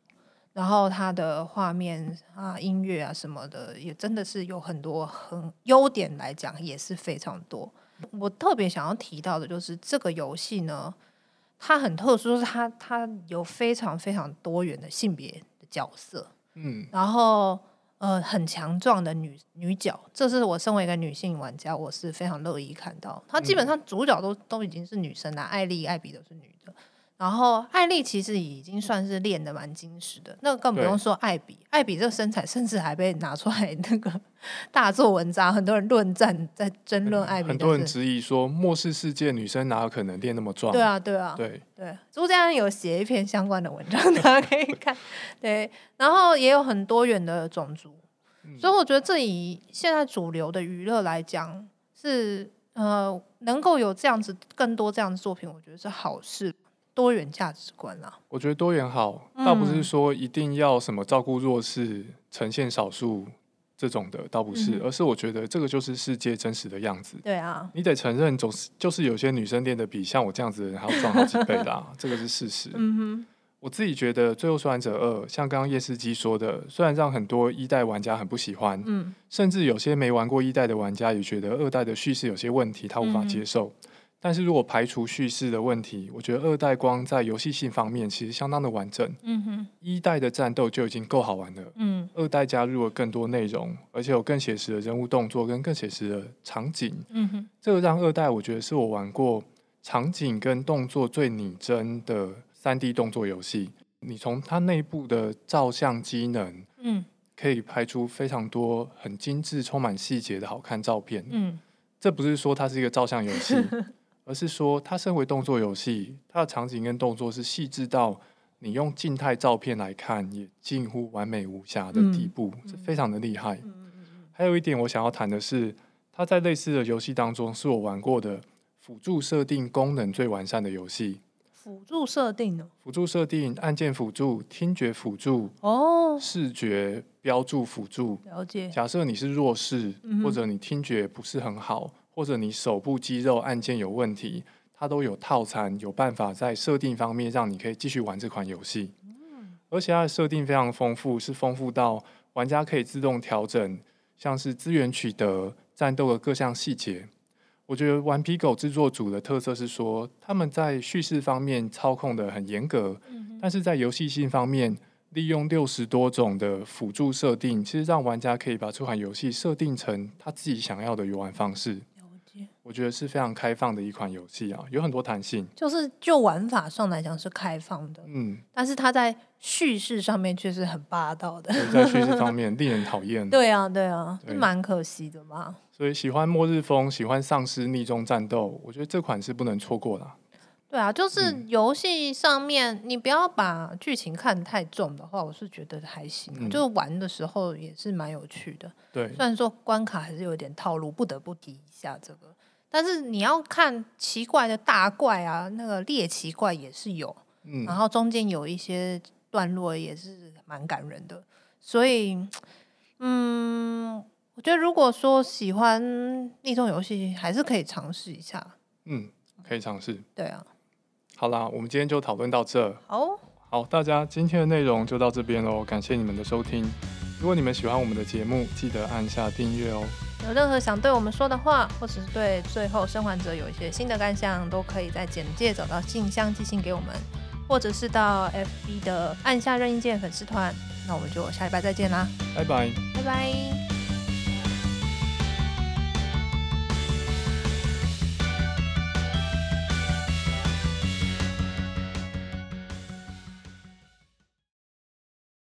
S1: 然後它的畫面啊、音樂啊什麼的，也真的是有很多很優點來講也是非常多。我特別想要提到的就是這個遊戲呢。她很特殊，是它它有非常非常多元的性別的角色，嗯，然後呃很強壯的女女角，這是我身為一個女性玩家，我是非常樂意看到。她基本上主角都、嗯、都已經是女生了，艾麗、艾比都是女的。然後艾莉其實已經算是練的蠻精實的，那更不用說艾比，艾比這個身材甚至還被拿出來那個大做文章，很多人論戰在爭論艾比、嗯。很多人質
S2: 疑說末世世界女生哪有可能練那麼壯？對啊，對啊，對對。
S1: 朱家安有寫一篇相關的文章，大家可以看。 對，然後也有很多元的種族，所以我覺得這以現在主流的娛樂來講是呃能夠有這樣子更多這樣的作品，我覺得是好事。多元價值觀
S2: 啊，我覺得多元好，倒不是說一定要什麼照顧弱勢、嗯、呈現少數這種的，倒不是、嗯，而是我覺得這個就是世界真實的樣子。對、嗯、啊，你得承認，總是就是有些女生練的比像我這樣子的人還要壯好幾倍啦、啊， 這個是事實。嗯、我自己覺得《最後生還者二》像剛剛厭世姬說的，雖然讓很多一代玩家很不喜歡、嗯，甚至有些沒玩過一代的玩家也覺得二代的敘事有些問題，他無法接受。嗯。但是如果排除敘事的問題，我覺得二代光在遊戲性方面其實相當的完整。嗯
S1: 哼、
S2: 一代的戰鬥就已經夠好玩了、嗯。二代加入了更多內容，而且有更寫實的人物動作跟更寫實的場景。嗯哼、這個讓二代我覺得是我玩過場景跟動作最擬真的三 D 動作遊戲。你從它內部的照相機能，嗯，可以拍出非常多很精緻、充滿細節的好看照片。嗯，這不是說它是一個照相遊戲。 而是說，它身為動作遊戲，它的場景跟動作是細緻到你用靜態照片來看也近乎完美無瑕的地步，嗯、這非常的厲害、嗯嗯嗯。還有一點我想要談的是，它在類似的遊戲當中，是我玩過的輔助設定功能最完善的遊戲。
S1: 輔助設定？
S2: 輔助設定，按鍵輔助、聽覺輔助、哦，視覺標註輔助。了解。假設你是弱視，嗯、或者你聽覺不是很好。或者你手部肌肉按鍵有問題，它都有套餐，有辦法在設定方面讓你可以繼續玩這款遊戲。而且它的設定非常豐富，是豐富到玩家可以自動調整，像是資源取得、戰鬥的各項細節。我覺得頑皮狗制作組的特色是說，他們在敘事方面操控得很嚴格，但是在遊戲性方面，利用六十多種的輔助設定，其實讓玩家可以把這款遊戲設定成他自己想要的遊玩方式。我覺得是非常開放的一款遊戲啊，有很多彈性。
S1: 就是就玩法上來講是開放的，嗯，但是它在敘事上面卻是很霸道的，在敘事方
S2: 面令人討厭。 對
S1: 啊，對啊，對，是蠻可惜的嘛。
S2: 所以喜歡末日風，喜歡喪屍逆中戰鬥，我覺得這款是不能錯過的啊。
S1: 對啊，就是遊戲上面，嗯，你不要把劇情看得太重的話，我是覺得還行。嗯，就玩的時候也是蠻有趣的。對，雖然說關卡還是有點套路，不得不提一下這個。但是你要看奇怪的大怪啊，那個獵奇怪也是有。嗯，然後中間有一些段落也是蠻感人的，所以，嗯，我覺得如果說喜歡那種遊戲，還是可以嘗試一下。
S2: 嗯，可以嘗試。對啊。好啦，我們今天就討論到這。好哦。好，大家今天的內容就到這邊嘍，感謝你們的收聽。如果你們喜歡我們的節目，記得按下訂閱哦。
S1: 有任何想對我們說的話，或者是對最後生還者有一些新的感想，都可以在簡介找到信箱寄信給我們，或者是到 FB 的按下任意鍵粉絲團。那我們就下禮拜再見啦，拜拜，拜拜。